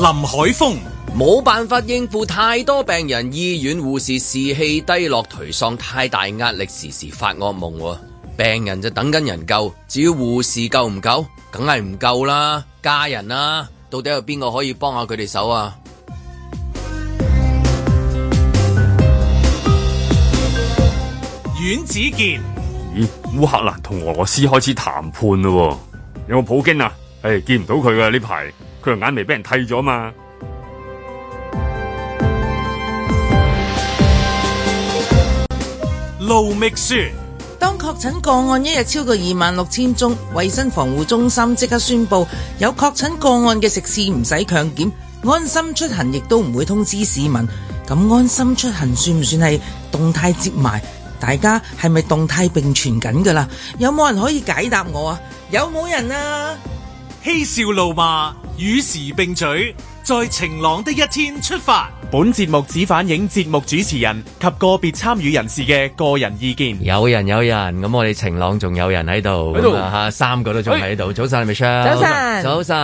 林海峰冇辦法應付太多病人，醫院護士士氣低落頹喪，頹喪，太大壓力，時時發惡夢，啊。病人就等緊人救，至於護士夠唔夠，梗係唔夠啦。家人啊，到底有邊個可以幫下佢哋手啊？阮子健咦、欸？烏克蘭同俄羅斯開始談判嘞，有冇普京啊？誒、欸，見唔到佢㗎呢排。佢個眼眉俾人剃咗嘛。路密說，當確診個案一日超過二萬六千宗，衛生防護中心即刻宣布有確診個案嘅食肆唔使強檢，安心出行亦都唔會通知市民。咁安心出行算唔算係動態接埋？大家係咪動態並存緊噶啦？有冇人可以解答我啊？有冇人啊？嬉笑怒罵，與時並舉，在晴朗的一天出發。本節目只反映節目主持人及個別參與人士嘅個人意見。有人，有人，咁我哋晴朗仲有人喺度，咁啊吓，三個都仲喺度。早晨 Michelle，早晨。早晨。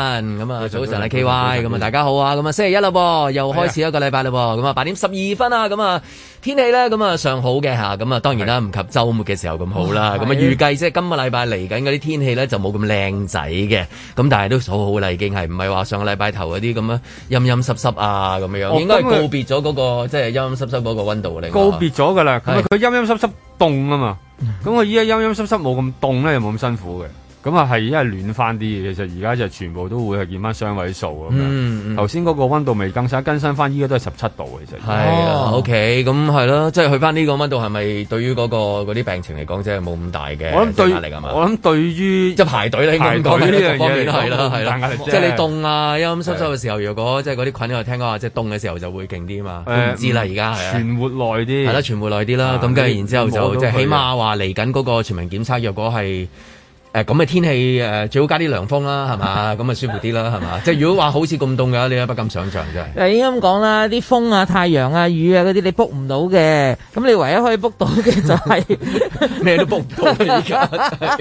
咁啊，早晨啦，KY。咁啊，大家好啊，咁啊，星期一喇噃，又開始一個禮拜喇噃。咁啊，八點十二分啊，咁啊。天氣咧，咁啊，尚好嘅吓，咁啊當然啦，唔是及周末嘅時候咁好啦。咁啊是預計即係今個禮拜嚟緊嗰啲天氣咧，就冇咁靚仔嘅，咁但係都好好啦，已經係唔係話上個禮拜頭嗰啲咁樣陰陰濕濕啊咁樣。應該係告別咗嗰、嗰個、哦嗰個、即係陰陰濕濕嗰個温度嚟。告別咗㗎啦，佢是陰陰濕濕凍啊嘛，咁我依家陰陰濕濕冇咁凍咧，又冇咁辛苦嘅。咁啊，係因為暖翻啲，其實而家就全部都會係見翻雙位數咁樣。頭先嗰個温度未更新，更新翻依家都係十七度。其實係啊，OK，咁係咯，即係去翻呢個温度係咪對於嗰個嗰啲病情嚟講，即係冇咁大嘅壓力啊嘛？我諗對我諗對於即係排隊嚟講，呢樣嘢係啦係啦，即係你凍啊陰陰濕濕嘅時候，若果即係嗰啲菌我聽講話，即係凍嘅時候就會勁啲啊嘛。唔知啦，而家係存活耐啲係啦，存活耐啲啦。咁跟住然之後就即係起碼話嚟緊嗰個全民檢測，若果係。誒咁嘅天氣誒最好加啲涼風啦，係嘛？咁啊 舒服啲啦，係嘛？即係 如果話好似咁凍嘅，你都不敢想象真係。誒應該咁講啦，啲風啊、太陽啊、雨啊嗰啲你 book 唔到嘅，咁你唯一可以 book 到嘅就係咩 都 book 唔到。而家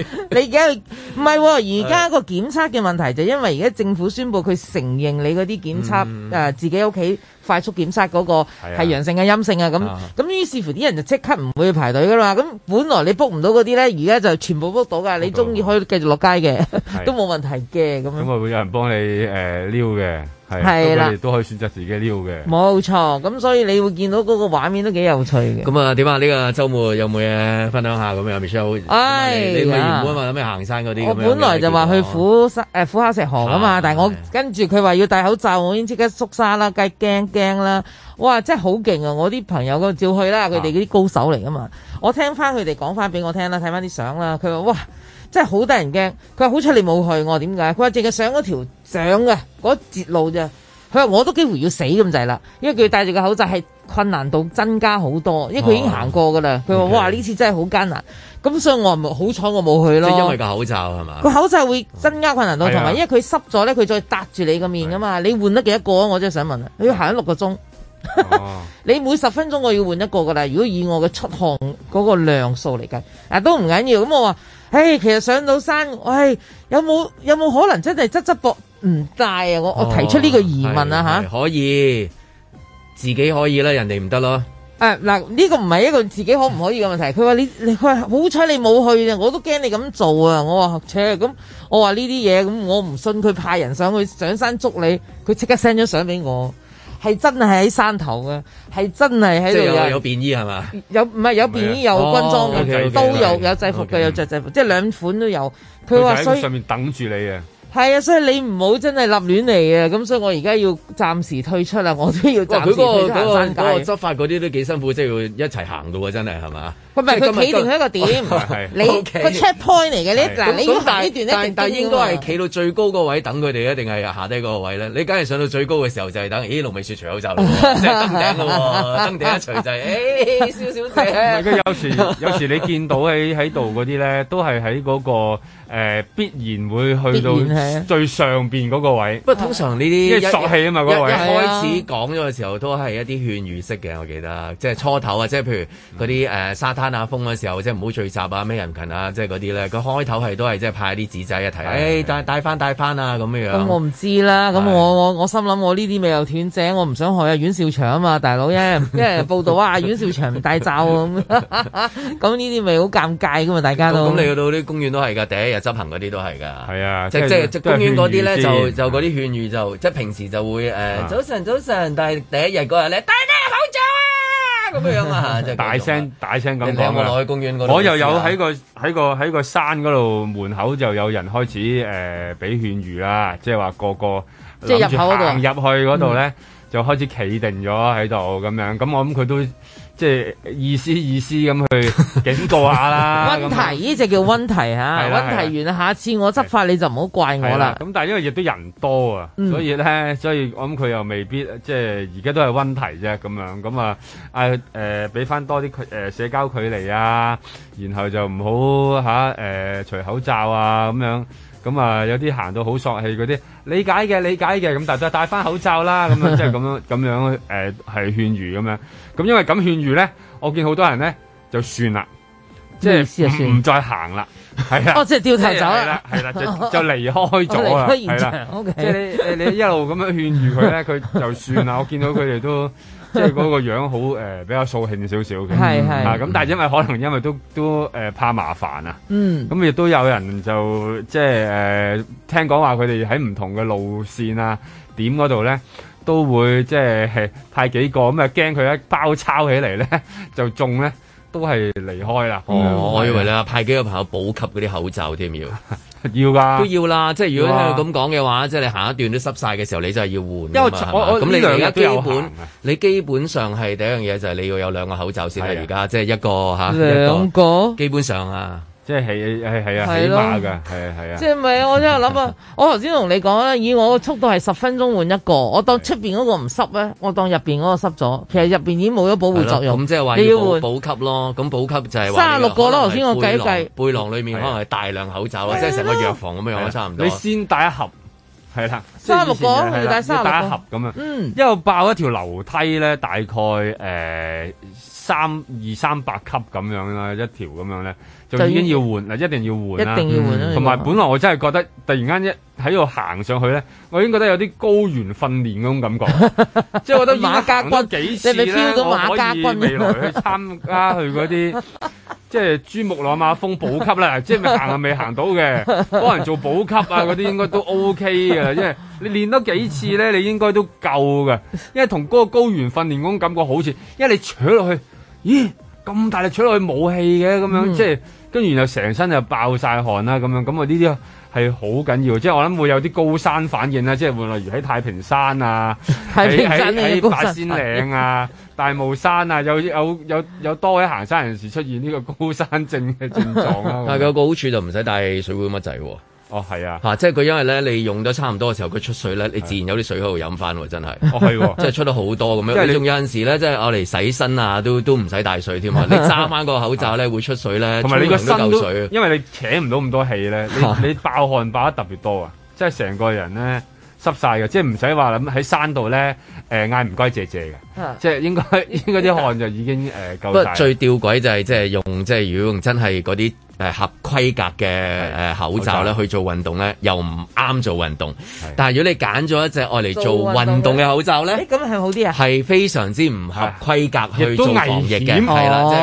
你而家唔係喎，而家個檢測嘅問題就因為而家政府宣布佢承認你嗰啲檢測誒自己屋企。快速檢測嗰個係陽性，性啊、陰性那啊咁，咁於是乎啲人就即刻唔會去排隊噶啦，咁本來你 book 唔到嗰啲咧，而家就全部 book 到噶，的你中意可以繼續落街嘅，的都冇問題嘅咁樣。咁啊的，會有人幫你誒、呃、撩嘅。係啦，是都可以選擇自己溜嘅。冇錯，咁所以你會見到嗰個畫面都幾有趣嘅。咁啊，點啊？呢、呢個周末有冇嘢分享下咁樣？Michelle 好？Michelle, 哎呀，你咪原本話有咩行山嗰啲？我本來就話去虎山誒、呃，虎口石河啊嘛，啊但係我的跟住佢話要戴口罩，我已經即刻縮沙啦，梗係驚驚啦。哇，真係好勁啊！我啲朋友嗰照去啦，佢哋嗰啲高手嚟噶嘛。我聽翻佢哋講翻俾我聽啦，睇翻啲相啦。佢話哇～真係好得人驚，佢話好彩你冇去，我話點解？佢話淨係上嗰條上嘅嗰節路咋，佢話我都幾乎要死咁滯啦，因為佢戴住個口罩係困難度增加好多，因為佢已經行過㗎啦。佢話：哇，呢次真係好艱難。咁 Okay. 所以我話好彩我冇去咯。即係因為個口罩係嘛？個口罩會增加困難度，同埋、oh. 因為佢濕咗咧，佢再搭住你個面㗎嘛，Yeah. 你換得幾多個？我真係想問啊！你要行咗六個鐘，oh. 你每十分鐘我要換一個㗎啦。如果以我嘅出汗嗰、嗰個量數嚟計，嗱都唔緊要。咁我話。誒，hey, 其實上到山，我有冇有冇可能真係執執膊唔帶啊？我、哦、我提出呢個疑問的啊吓，可以自己可以啦，人哋唔得咯。誒、啊，嗱呢、呢個唔係一個自己可唔可以嘅問題。佢話你你佢話好彩你冇去啊，我都驚你咁做啊。我話唓咁，車我話呢啲嘢咁，我唔信佢派人上去上山捉你，佢即刻 send 咗相俾我。係真係喺山頭嘅，係真係喺度有有便衣係嘛？有唔係有便衣有軍裝嘅，oh, okay, okay, 都有有制服嘅 okay, okay.，有着制服，Okay. 即係兩款都有。佢話喺上面等住你嘅。係啊，所以你唔好真係立亂嚟啊！咁所以我而家要暫時退出啦，我都要暫時退出行山界。佢嗰個嗰執法嗰啲都幾辛苦，即係要一齊行到喎，真係係嘛？佢唔係佢企定喺一個點，你個 checkpoint 嚟嘅。你嗱呢呢段一定但係應該係企到最高嗰位等佢哋，一定係下低嗰個位咧。你梗係上到最高嘅時候就係等，咦？龍美雪除口罩，即係登頂啦！登頂一除就係，哎，少少有時有時你見到喺喺度嗰啲咧，都係喺嗰個誒必然會去到。最上邊嗰個位，不過通常呢啲即係索氣啊嘛！嗰位開始講咗嘅時候，都係一啲勸喻式嘅，我記得，即係初頭、呃、啊，即係譬如嗰啲誒沙灘啊，封嘅時候，即係唔好聚集啊，咩人群啊，即係嗰啲咧。佢開頭係都係即係派啲紙仔一睇，誒帶帶翻帶翻啊咁樣樣。咁、嗯、我唔知啦，咁是的 我我我心諗我呢啲咪又斷正，我唔想害阿阮兆祥啊嘛，大佬因即係報道啊，阮兆祥唔戴罩咁啊，咁呢啲咪好尷尬噶嘛，大家都。咁你去到啲公園都係噶，第一日執行嗰啲都係噶。係啊，即即。即公園嗰啲咧，就就嗰啲勸喻就，即平時就會誒早晨早晨，但係第一日嗰日咧，大家好早啊咁樣啊，就大聲大聲咁講。你聽我落去公園嗰度，我又有喺個喺個喺個山嗰度門口就有人開始誒俾勸喻啦，即係話個個諗住入口度行入去嗰度咧，就開始企定咗喺度咁樣。咁我諗佢都。即係意思意思咁去警告下啦。温 提呢隻樣叫温提吓，温的提完，的下次我執法的你就唔好怪我啦。咁但係因為亦都人多啊，所以咧，所以我諗佢又未必即係而家都係温提啫咁樣。咁啊，誒、啊、誒，俾翻多啲誒社交距離啊，然後就唔好吓誒除口罩啊咁樣。咁啊、嗯，有啲行到好索氣嗰啲，理解嘅理解嘅，咁但係都係戴翻口罩啦，咁樣即係咁樣咁樣係、呃、勸喻咁樣。咁因為咁勸喻咧，我見好多人咧就算，、就是、算啦，即係唔再行啦，係啊，即係掉頭走啦，係啦，就就離開咗、啊啊啊啊、啦，係啦，OK。即係你你一路咁樣勸喻佢咧，佢就算啦。我見到佢哋都。即係嗰個樣好誒、呃，比較掃興少少嘅，係係是是、啊，咁但係因為可能因為都都誒、呃、怕麻煩啊，嗯，咁亦都有人就即係誒聽講話佢哋喺唔同嘅路線啊點嗰度咧，都會即係、呃、派幾個，咁啊驚佢一包抄起嚟咧就中咧都係離開啦。哦，我、哦、以為啦，派幾個朋友補給嗰啲口罩添要。 要噶都要啦，即係如果你佢咁講嘅話，即係你下一段都濕晒嘅時候，你真係要換。因為又吧我我呢兩日基本，你基本上係第一樣嘢就係你要有兩個口罩先啦的。而家即係一個吓，個兩個基本上啊。即係係係啊，起碼㗎係啊係啊，即係咪？啊？我真係諗啊！我頭先同你講啦，以我個速度係十分鐘換一個，我當出邊嗰個唔濕咧，我當入邊嗰個濕咗。其實入邊已經冇咗保護作用。咁即係話要補補給咯。咁補給就係三十六個咯。頭先我計計背囊裏面可能係大量口罩，即係成個藥房咁樣差唔多。你先帶一盒，係啦，三十六個，你帶三十六，帶一盒咁樣，嗯，因為爆一條樓梯咧，大概三二三百級咁樣啦，一條咁樣咧。就已經要換啦要一定要換啦，同埋本來我真係覺得突然間一喺度行上去咧，我已經覺得有啲高原訓練嗰種感覺，即係 我覺得已經行咗幾次咧，你馬家我可以未來去參加去嗰啲即係珠穆朗瑪峰補給啦，即係 行又未行到嘅，幫人 做補給啊嗰啲應該都 O K 嘅，因為你練多幾次咧，你應該都夠嘅，因為同嗰個高原訓練嗰種感覺好似，因為你坐落去，咦？咁大力吹落去冇氣嘅咁樣，嗯、即係跟住然後成身就爆晒汗啦咁樣，咁啊呢啲係好緊要，即係我諗會有啲高山反應啦，即係換例如喺太平山啊、喺喺八仙嶺啊、大霧山啊，有有有有多位行山人士出現呢個高山症嘅症狀 我們 但係，有個好處就唔使帶水壺乜滯喎。哦，係啊，吓，即係佢，因為咧，你用咗差唔多嘅時候，佢出水咧，你自然有啲水喺度飲翻，真係。哦，係，即係出咗好多咁樣。即係仲有陣時咧，即係我嚟洗身啊，都都唔使帶水添啊。你揸翻個口罩咧，會出水咧，同埋你個身都，因為你扯唔到咁多氣咧，你你爆汗爆得特別多啊，即係成個人咧濕晒嘅，即係唔使話諗喺山度咧，誒，嗌唔該，謝謝嘅，即係應該應該啲汗就已經誒夠。不過最吊詭就係即係用即係如果用真係嗰啲。誒，合規格嘅誒口罩咧，去做運動咧，又唔啱做運動。但係如果你揀咗一隻愛嚟做運動嘅口罩咧，咁係好啲啊！係非常之唔合規格，去做防疫嘅，係啦，即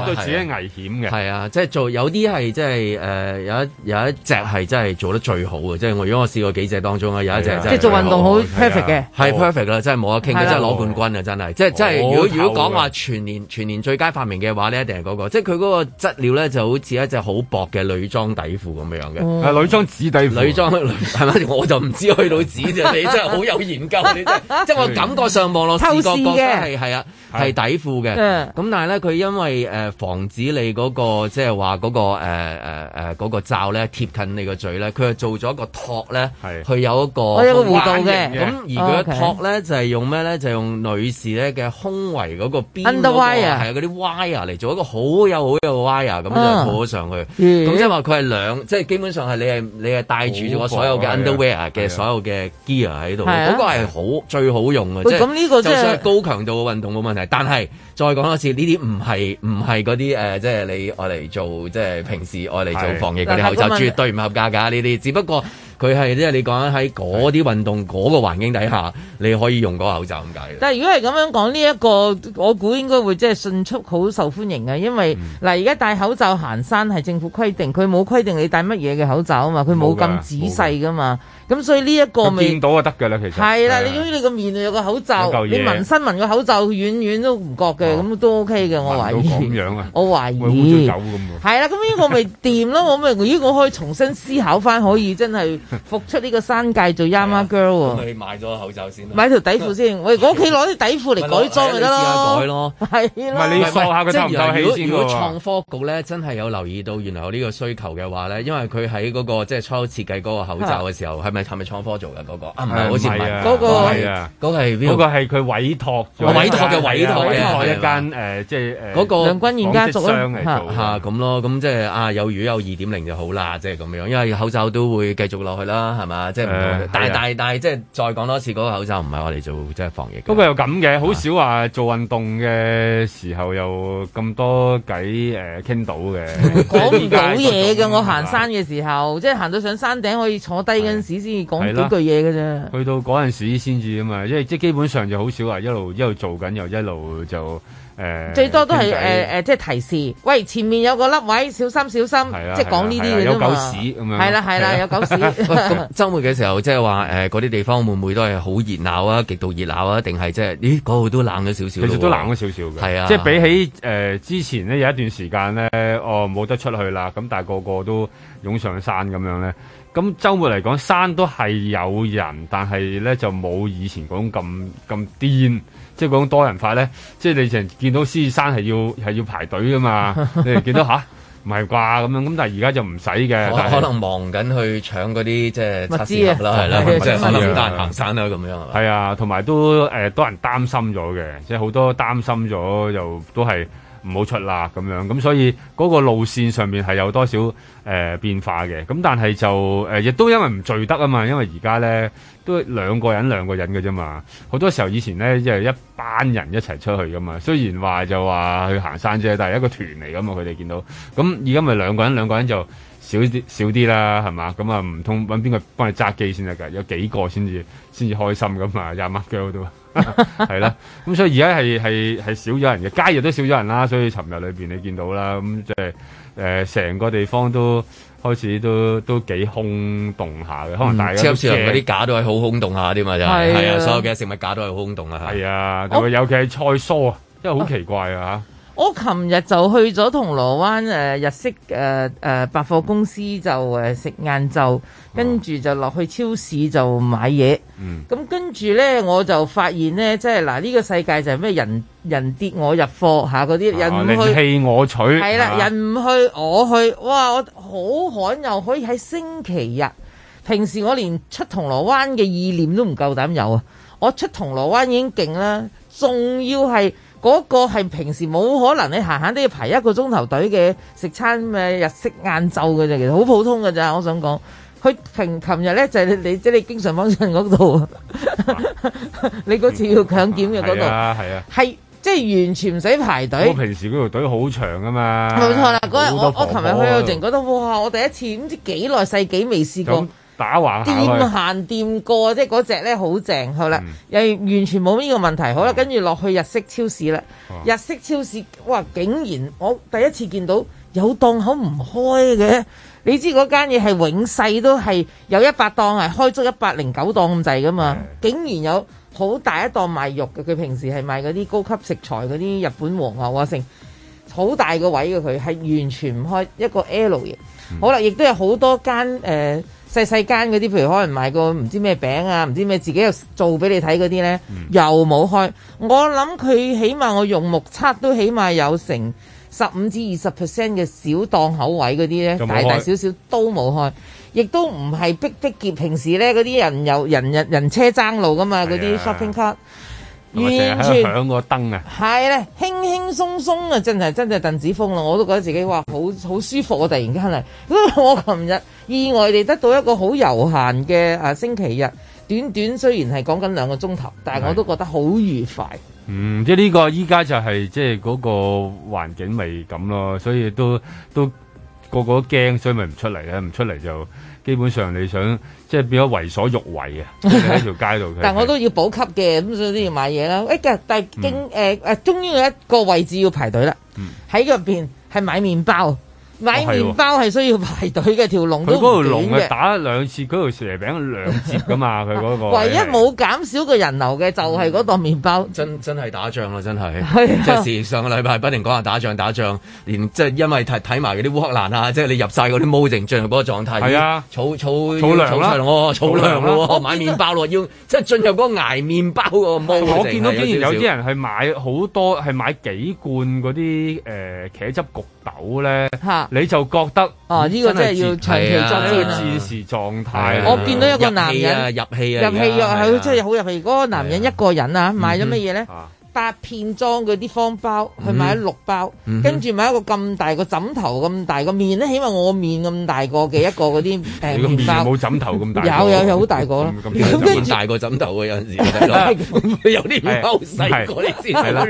係對自己危險嘅。係啊，即係做有啲係即係誒，有一有一隻係真係做得最好嘅，即係我如果我試過幾隻當中啊，有一隻即係做運動好 perfect 嘅，係 perfect 啦，真係冇得傾嘅，真係攞冠軍啊！真係，即係即係如果如果講話全年全年最佳發明嘅話呢，一定係嗰個，即係佢嗰個質料咧就好似一隻。好薄嘅女裝底褲咁樣嘅，係女裝紙底褲，女裝係咪？我就唔知去到紙啫，你真係好有研究，你真。即係我感覺上望落視覺覺得係係啊，係底褲嘅。咁但係咧，佢因為誒防止你嗰個即係話嗰個誒誒誒嗰個罩咧貼近你個嘴咧，佢係做咗一個托咧，係佢有一個弧度嘅。咁而佢嘅托咧就係用咩咧？就用女士咧嘅胸圍嗰個邊嗰個係嗰啲 wire 嚟做一個好有好有 wire 咁就附上。佢，咁即係話佢係兩，即係、就是、基本上係你係你係帶住咗所有嘅 underwear 嘅所有嘅 gear 喺度，嗰、啊、個係好、啊、最好用嘅。即咁呢個就算係高強度嘅運動冇問題，就是、但係再講一次，呢啲唔係唔係嗰啲誒，即係、呃就是、你用嚟做即係、就是、平時用嚟做防疫嗰啲口罩絕對唔合格噶，呢啲只不過。佢係即係你講緊喺嗰啲運動嗰個環境底下，你可以用嗰個口罩咁解。但係如果係咁樣講，呢一個我估應該會即係迅速好受歡迎嘅，因為嗱而家戴口罩行山係政府規定，佢冇規定你戴乜嘢嘅口罩啊嘛，佢冇咁仔細噶嘛。咁所以呢一個未見到就得㗎啦，其實係啦，你因為你個面有個口罩，你紋身紋個口罩遠遠都唔覺嘅，咁都 OK 嘅，我懷疑。咁樣啊？我懷疑。係啦，咁呢個咪掂咯，我咪咦，我可以重新思考翻，可以真係復出呢個山界做 Yama Girl 喎。咁你買咗口罩先買買條底褲先。我屋企攞啲底褲嚟改裝咪得咯，改咯，係啦。唔係你要下佢得唔夠氣先，如果創科局咧真係有留意到原來有呢個需求嘅話咧，因為佢喺嗰個即係初設計嗰個口罩嘅時候係咪？係咪創科做嘅嗰個，啊唔係好似嗰個係佢委託，委託嘅委託，一間即係嗰個軍家族啊嚇咁咯，咁即係啊有如有二點零就好啦，即係咁樣，因為口罩都會繼續落去啦，係嘛？即係大大但係即係再講多次，嗰個口罩唔係我哋做，即係防疫。不過又咁嘅，好少話做運動嘅時候又咁多偈誒傾到嘅，講唔到嘢嘅。我行山嘅時候，即係行到上山頂可以坐低嗰陣時。講幾句嘢嘅啫，去到嗰陣時先至啊嘛，因為即係基本上就好少話一路一路做緊又一路就誒，最多都係誒誒，即係提示，喂，前面有個粒位，小心小心，即係講呢啲有狗屎咁樣。係啦係啦，有狗屎。咁周末嘅時候，即係話誒，嗰啲地方會唔會都係好熱鬧啊？極度熱鬧啊？定係即係咦嗰度都冷咗少少？其實都冷咗少少嘅。係啊，即係比起誒之前呢，有一段時間咧，哦冇得出去啦，咁但係個個都湧上山咁樣咧。咁周末嚟講，山都係有人，但係咧就冇以前講咁咁癲，即係講多人化咧，即係你成日見到獅子山係要係要排隊㗎嘛，你見到吓唔係啩咁樣，咁、啊、但係而家就唔使嘅，可能忙緊去搶嗰啲即係，就是、知係係啊，係啦，即係林丹行山啦咁樣係呀。啊，同埋都誒多人擔心咗嘅，即係好多擔心咗又都係。唔好出啦咁樣，咁、嗯、所以嗰個路線上面係有多少誒、呃、變化嘅？咁、嗯、但係就誒亦、呃、都因為唔聚得啊嘛，因為而家咧都兩個人兩個人嘅啫嘛。好多時候以前咧即係一班人一齊出去噶嘛，雖然話就話去行山啫，但係一個團嚟噶嘛。佢哋見到咁而家咪兩個人兩個人就少啲少啲啦，係嘛？咁啊唔通搵邊個幫你揸機先得噶？有幾個先至先至開心咁嘛？廿蚊雞都。係啦，咁所以而家係係係少咗人嘅，街亦都少咗人啦。所以尋日裏邊你見到啦，咁即係誒成個地方都開始都都幾空洞下嘅，可能大家超市嗰啲架都係好空洞下啲嘛，就係係啊，所有嘅食物架都係好空洞啦，係啊，特別尤其係菜蔬啊，真係好奇怪啊嚇。我琴日就去咗銅鑼灣誒、啊、日式誒誒百貨公司就誒食晏晝，跟住就落去超市就買嘢。嗯，咁跟住呢，我就發現呢，即係嗱，呢、啊呢個世界就係咩？人人跌我入貨嚇，嗰、啊、啲人唔去、啊、人棄我取，係啦了，啊、人唔去我去，哇！我好罕有可以喺星期日，平時我連出銅鑼灣嘅意念都唔夠膽有啊！我出銅鑼灣已經勁啦，仲要係。嗰個係平時冇可能，你閒閒都要排一個鐘頭隊嘅食餐日式晏晝嘅啫，其實好普通㗎。咋。我想講，佢平琴日咧就係、是、你即係你、就是、你經常幫襯嗰度，啊、 你嗰次要強檢嘅嗰度，係啊係啊，係即係完全唔使排隊。我平時嗰條隊好長㗎嘛，冇錯啦。嗰日我我琴日去到，淨覺得，哇！我第一次唔知幾耐世紀未試過。打橫掂行掂過，即係嗰隻呢好正，好啦，嗯、又完全冇呢個問題，好啦，跟住落去日式超市啦。哇 日式超市哇，竟然我第一次見到有檔口唔開嘅。你知嗰間嘢係永世都係有一百檔啊，開足一百零九檔咁滯噶嘛，嗯、竟然有好大一檔賣肉嘅。佢平時係賣嗰啲高級食材嗰啲日本黃牛啊，成好大個位嘅佢係完全唔開一個 L 型，好啦，亦都有好多間誒。呃細細間嗰啲，譬如可能賣個唔知咩餅啊，唔知咩自己做、嗯、又做俾你睇嗰啲呢，又冇開。我諗佢起碼我用目測都起碼有成十五至二十 percent 嘅小檔口位嗰啲呢，大大小小都冇開，亦都唔係逼逼結。平時呢，嗰啲人又人人人車爭路㗎嘛，嗰啲、啊、shopping cart。是啊，完全響個燈啊！係咧，輕輕鬆鬆啊，真係真係鄧子峰咯！我都覺得自己哇，好好舒服啊！突然間為我琴日意外地得到一個好悠閒嘅星期日，短短雖然係講緊兩個鐘頭，但係我都覺得好愉快。嗯，即係呢個依家就係、是、即係嗰個環境咪咁咯，所以都都個個都驚，所以咪唔出嚟咧，唔出嚟就。基本上你想即係、就是、變咗為所欲為啊！喺、就是、條街度， 但我都要補給嘅，咁所以都要買嘢啦。哎，但係經誒誒、呃，終於有一個位置要排隊啦。喺入邊係買麵包。買麵包係需要排隊嘅，條龍佢嗰條龍打兩次，嗰條蛇餅兩折噶嘛？佢嗰、 嗰個唯一冇減少個人流嘅就係嗰檔麵包。真真係打仗啦，真係！是的即係上個禮拜不停講下打仗打仗，連即係因為睇埋嗰啲烏克蘭啊，即係你入晒嗰啲毛靜進入嗰個狀態。係啊，儲儲儲糧啦，儲糧啦，買麵包咯，要即係進入嗰個挨麵包個毛靜。我見到竟然有啲人係買好多，係買幾罐嗰啲誒茄汁焗。咧，你就覺得啊，呢個真係要長期作戰啊，戰時狀態。我見到一個男人入戲啊，入戲又係真係好入戲。嗰個男人一個人啊，買咗乜嘢咧？八片裝嗰啲方包，佢買咗六包，跟住買一個咁大個枕頭咁大個麵咧，起碼我面咁大個嘅一個嗰啲誒麵包，冇枕頭咁大，有有有好大個咯。咁大個枕頭啊，有陣時有啲包細過啲。係啦，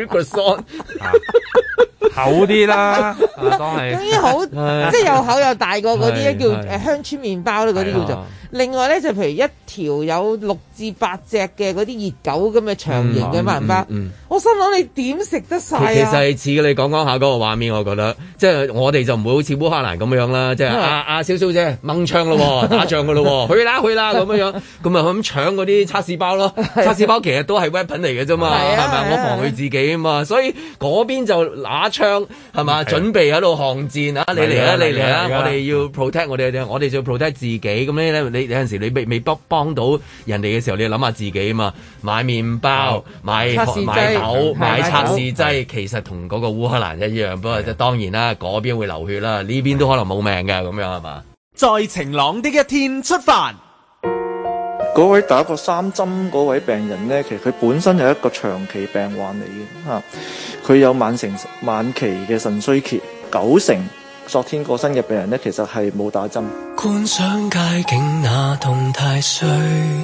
厚啲啦，總之好即係又厚又大個嗰啲， 是叫誒鄉村麵包咧，嗰啲叫做。 另外咧就譬如一條有六至八隻嘅嗰啲熱狗咁嘅長形嘅麻花，我心諗你點食得晒？其實似你講講下嗰個畫面，我覺得即係我哋就唔會好似烏克蘭咁樣啦，即係阿阿小小姐掹槍咯，打仗嘅咯，去啦去啦咁樣，咁啊咁搶嗰啲測試包咯，測試包其實都係 weapon 嚟嘅啫嘛，係咪？我防佢自己啊嘛，所以嗰邊就拿槍係嘛，準備喺度巷戰啊！你嚟啊！你嚟啊！我哋要 protect 我哋，我哋就要 protect 自己咁咧。你有陣時你未未幫幫到人哋嘅時候，你要諗下自己啊嘛。買麵包、是買買豆、是買測試劑，其實同嗰個烏克蘭一樣，不過即當然啦，嗰邊會流血啦，呢邊都可能冇命嘅咁樣係嘛。在晴朗的一天出發。嗰位打過三針嗰位病人咧，其實佢本身係一個長期病患嚟嘅，吓，佢、啊、有慢性晚期嘅腎衰竭，九成。昨天過身嘅病人咧，其實係冇打針。觀賞街景那動態誰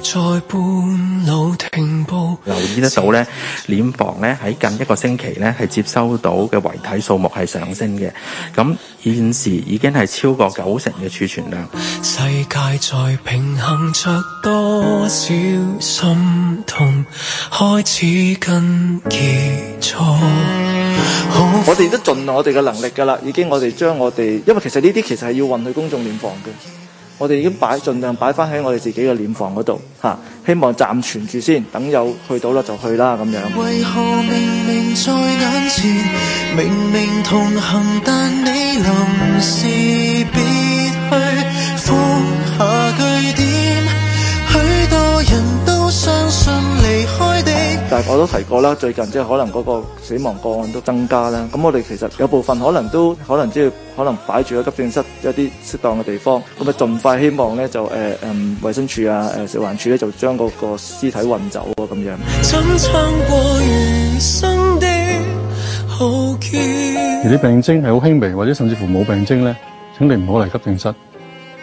在半路停步，留意得到咧，殮房咧喺近一個星期咧，係接收到嘅遺體數目係上升嘅，咁現時已經係超過九成嘅儲存量。世界在平衡着多少心痛開始更結束，嗯、好分我哋都盡我哋嘅能力㗎啦，已經我哋將我我哋因為其實呢啲其實係要運去公眾殮房嘅，我哋已經擺盡量擺翻喺我哋自己嘅殮房度吓，希望暫存住先，等有去到啦就去啦咁樣。為何明明在眼前，明明同行，但你臨時別去。但係我都提過啦，最近即係可能嗰個死亡個案都增加啦。咁我哋其實有部分可能都可能即係可能擺住喺急症室一啲適當嘅地方。咁啊，盡快希望咧就誒嗯、呃、衞生署啊誒食環署咧就將嗰個屍體運走啊咁樣。而啲病徵係好輕微，或者甚至乎冇病徵咧，請你唔好嚟急症室，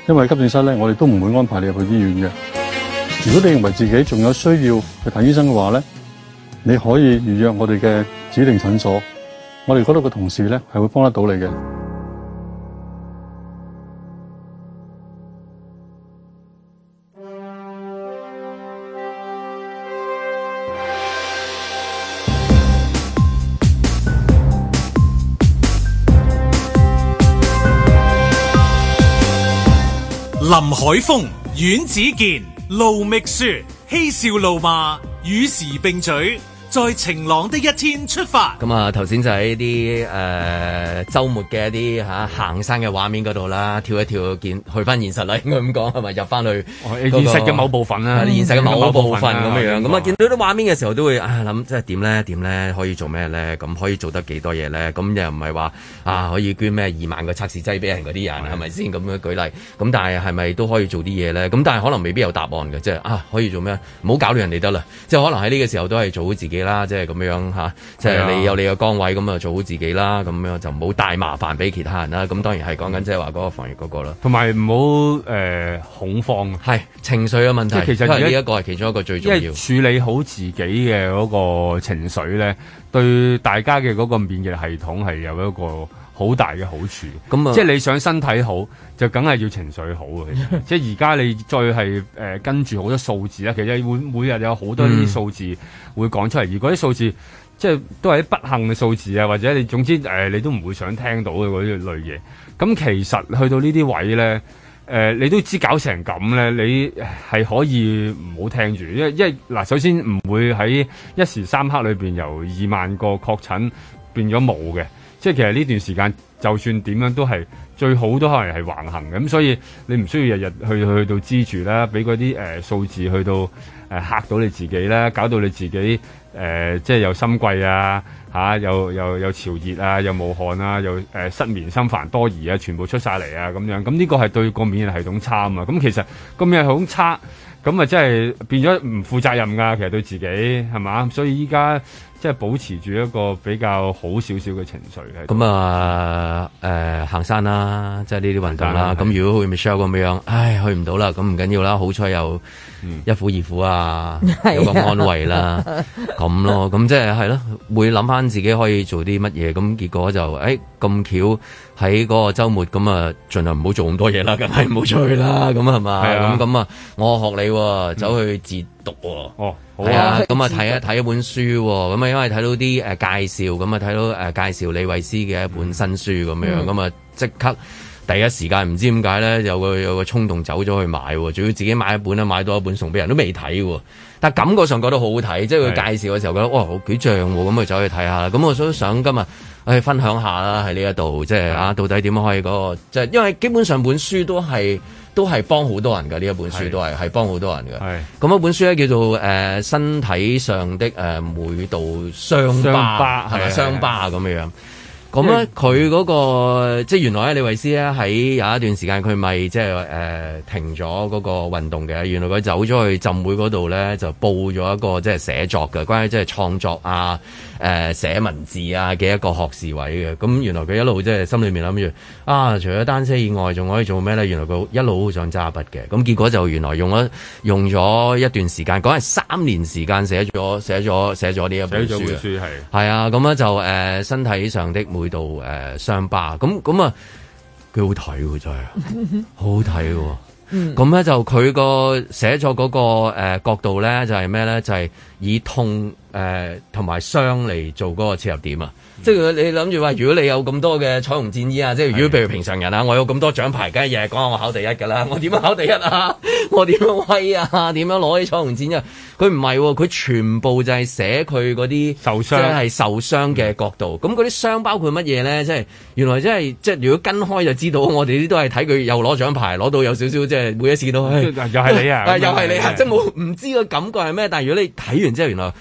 因為急症室咧我哋都唔會安排你入去醫院嘅。如果你認為自己仲有需要去睇醫生嘅話咧，你可以預約我哋嘅指定診所，我哋嗰度嘅同事呢，係會幫得到你嘅。林海峰、阮子健、盧覓雪、嬉笑怒罵，與時並舉。在晴朗的一天出發。咁、呃、啊，頭先就喺啲誒周末嘅一啲吓行山嘅畫面嗰度啦，跳一跳見去翻現實啦，應該咁講係咪入翻去、那個、現實嘅某部分啦、啊，現實嘅某部分咁、啊、樣。咁樣啊，見到啲畫面嘅時候都會啊諗，即係點咧？點咧？可以做咩咧？咁可以做得幾多嘢咧？咁又唔係話啊可以捐咩二萬個測試劑俾人嗰啲人係咪先咁樣舉例？咁但係係咪都可以做啲嘢咧？咁但係可能未必有答案嘅，即係啊可以做咩？唔好搞亂人哋得啦。即係可能喺呢個時候都係做好自己啦，即係咁樣嚇，即係你有你嘅崗位，咁啊做好自己啦，咁樣就唔好大麻煩俾其他人啦。咁當然係講緊即係話嗰個防疫嗰個啦，同埋唔好誒恐慌，係情緒嘅問題。其實呢一個係其中一個最重要，因為處理好自己嘅嗰個情緒咧，對大家嘅嗰個免疫系統係有一個好大嘅好處，嗯、即係你想身體好，就梗係要情緒好嘅。即係而家你再係誒、呃、跟住好多數字啦，其實每每日有好多呢啲數字會講出嚟。如果啲數字即係都係啲不幸嘅數字啊，或者你總之誒、呃、你都唔會想聽到嘅嗰啲類嘢。咁其實去到呢啲位咧，誒、呃、你都知搞成咁咧，你係可以唔好聽住，因為嗱首先唔會喺一時三刻裏面由二萬個確診變咗冇嘅。即係其實呢段時間，就算點樣都係最好都可能係橫行咁，所以你唔需要日日去去到支住啦，俾嗰啲誒數字去到誒、呃、嚇到你自己啦，搞到你自己誒即係有心悸啊嚇，又又又潮熱啊，又冒汗啊，又誒、呃、失眠心煩多疑啊，全部出晒嚟啊咁樣，咁呢個係對個免疫系統差啊嘛，咁其實個免疫系統差。咁啊，就真係變咗唔負責任㗎，其實對自己係咪？所以依家即係保持住一個比較好少少嘅情緒嘅。咁啊，誒、呃，行山啦，即係呢啲運動啦。咁山如果去 Michelle 咁樣，的唉，去唔到啦，咁唔緊要啦，好彩又。嗯、一苦二苦啊，有個安慰啦、啊，咁、啊、咯，咁即係係咯，會諗翻自己可以做啲乜嘢，咁結果就，誒、欸，咁巧喺嗰個周末，咁啊，盡量唔好做咁多嘢啦，梗係唔好出去啦，咁係嘛，咁咁樣啊，我學你、啊，嗯、走去自讀、啊，哦，係啊，咁啊睇一睇一本書、啊，咁啊因為睇到啲誒、呃、介紹，咁啊睇到誒、呃、介紹李維斯嘅一本新書咁、嗯、樣，咁啊即刻。第一時間唔知點解咧，有個有個衝動走咗去買，仲要自己買一本啦，買多一本送俾人都未睇，但感覺上覺得好好睇，即係佢介紹嘅時候覺得是哇好幾正喎，咁咪走去睇下啦。咁我想想今日去、哎、分享下啦，喺呢一度即係啊，到底點可以嗰、那個？即係因為基本上本書都係都係幫好多人㗎，呢一本書都係係是幫好多人㗎。咁一是本書咧叫做誒、呃、身體上的誒、呃、每道傷疤係咪傷疤咁樣？咁咧，佢嗰、嗰個即原來咧，李慧詩咧喺有一段時間，佢咪即係誒停咗嗰個運動嘅，原來佢走咗去浸會嗰度咧就報咗一個即係寫作嘅，關於即係創作啊。誒、呃、寫文字啊嘅一個學士位嘅，咁原來佢一路即係心裏面諗住啊，除咗單車以外，仲可以做咩咧？原來佢一路好想揸筆嘅，咁結果就原來用咗用咗一段時間，講係三年時間寫咗寫咗寫咗呢一本書，係係啊，咁咧就誒、呃、身體上的每道誒傷疤，咁咁啊幾好睇喎，真係好睇喎，咁咧 就佢個寫作嗰、嗰個、呃、角度咧就係咩咧？就係、是。就是以痛誒同埋傷嚟做嗰個切入點啊！嗯、即係你諗住話，如果你有咁多嘅彩虹戰衣啊，即係如果譬如平常人啊，我有咁多獎牌，梗係日日講下我考第一㗎啦！我點樣考第一啊？我點樣威啊？點樣攞起彩虹戰衣啊？佢唔係喎，佢全部就係寫佢嗰啲受傷，係受傷嘅角度。咁嗰啲傷包括乜嘢咧？即係原來即係即係如果跟開就知道，我哋啲都係睇佢又攞獎牌，攞到有少少即係每一次都、哎、又係你啊！ 又係你啊！即係冇唔知個感覺係咩？但係如果你睇完。之後原來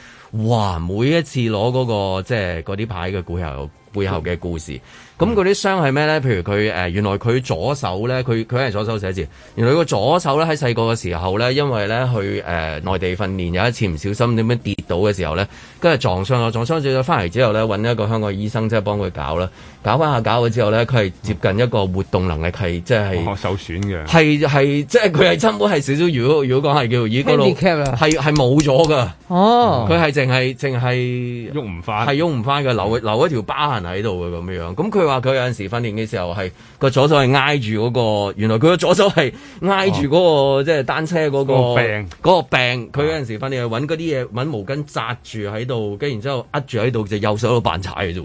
哇！每一次攞嗰、嗰個即係嗰啲牌嘅股又背後嘅故事，咁嗰啲傷係咩咧？譬如佢誒，原來佢左手咧，佢佢係左手寫字，原來佢個左手咧喺細個嘅時候咧，因為咧去誒內地訓練，有一次唔小心點樣跌倒嘅時候咧，跟住撞傷咗，撞傷咗，翻嚟之後咧，揾一個香港醫生即係幫佢搞啦，搞翻下搞咗之後咧，佢係接近一個活動能力係即係，我受損嘅，係係即係佢係差唔多係少少，如果如果講係叫已經係係冇咗噶，哦，佢係淨係淨係喐唔翻，係喐唔翻嘅，留留一條疤痕。喺度嘅咁樣樣，咁佢話佢有陣時訓練嘅時候係個左手係挨住嗰個，原來佢個左手係挨住嗰個即係單車嗰個病，嗰個病，佢有陣時訓練係搵嗰啲嘢搵毛巾紮住喺度，跟然之後握住喺度，就右手度扮柴嘅啫，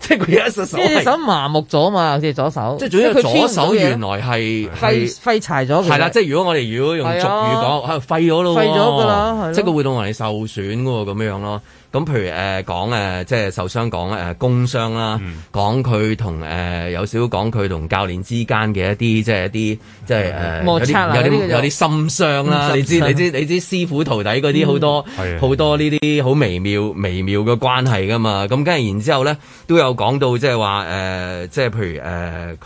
即係佢一隻手手麻木咗嘛，即係左手，即係總之佢左手原來係廢廢柴咗，係啦，即係如果我哋如果用俗語講，係廢咗咯，即係個活動哋受損嘅，咁樣樣咯。咁譬如誒講誒即係受傷講誒、呃、工傷啦，講佢同誒有少少講佢同教練之間嘅一啲即係一啲即係誒摩擦啦，有啲有啲有啲心傷啦。你知你知你知師傅徒弟嗰啲好多好的多呢啲好微妙的微妙嘅關係噶嘛？咁跟住然之後咧都有講到即係話誒，即、呃、係譬如誒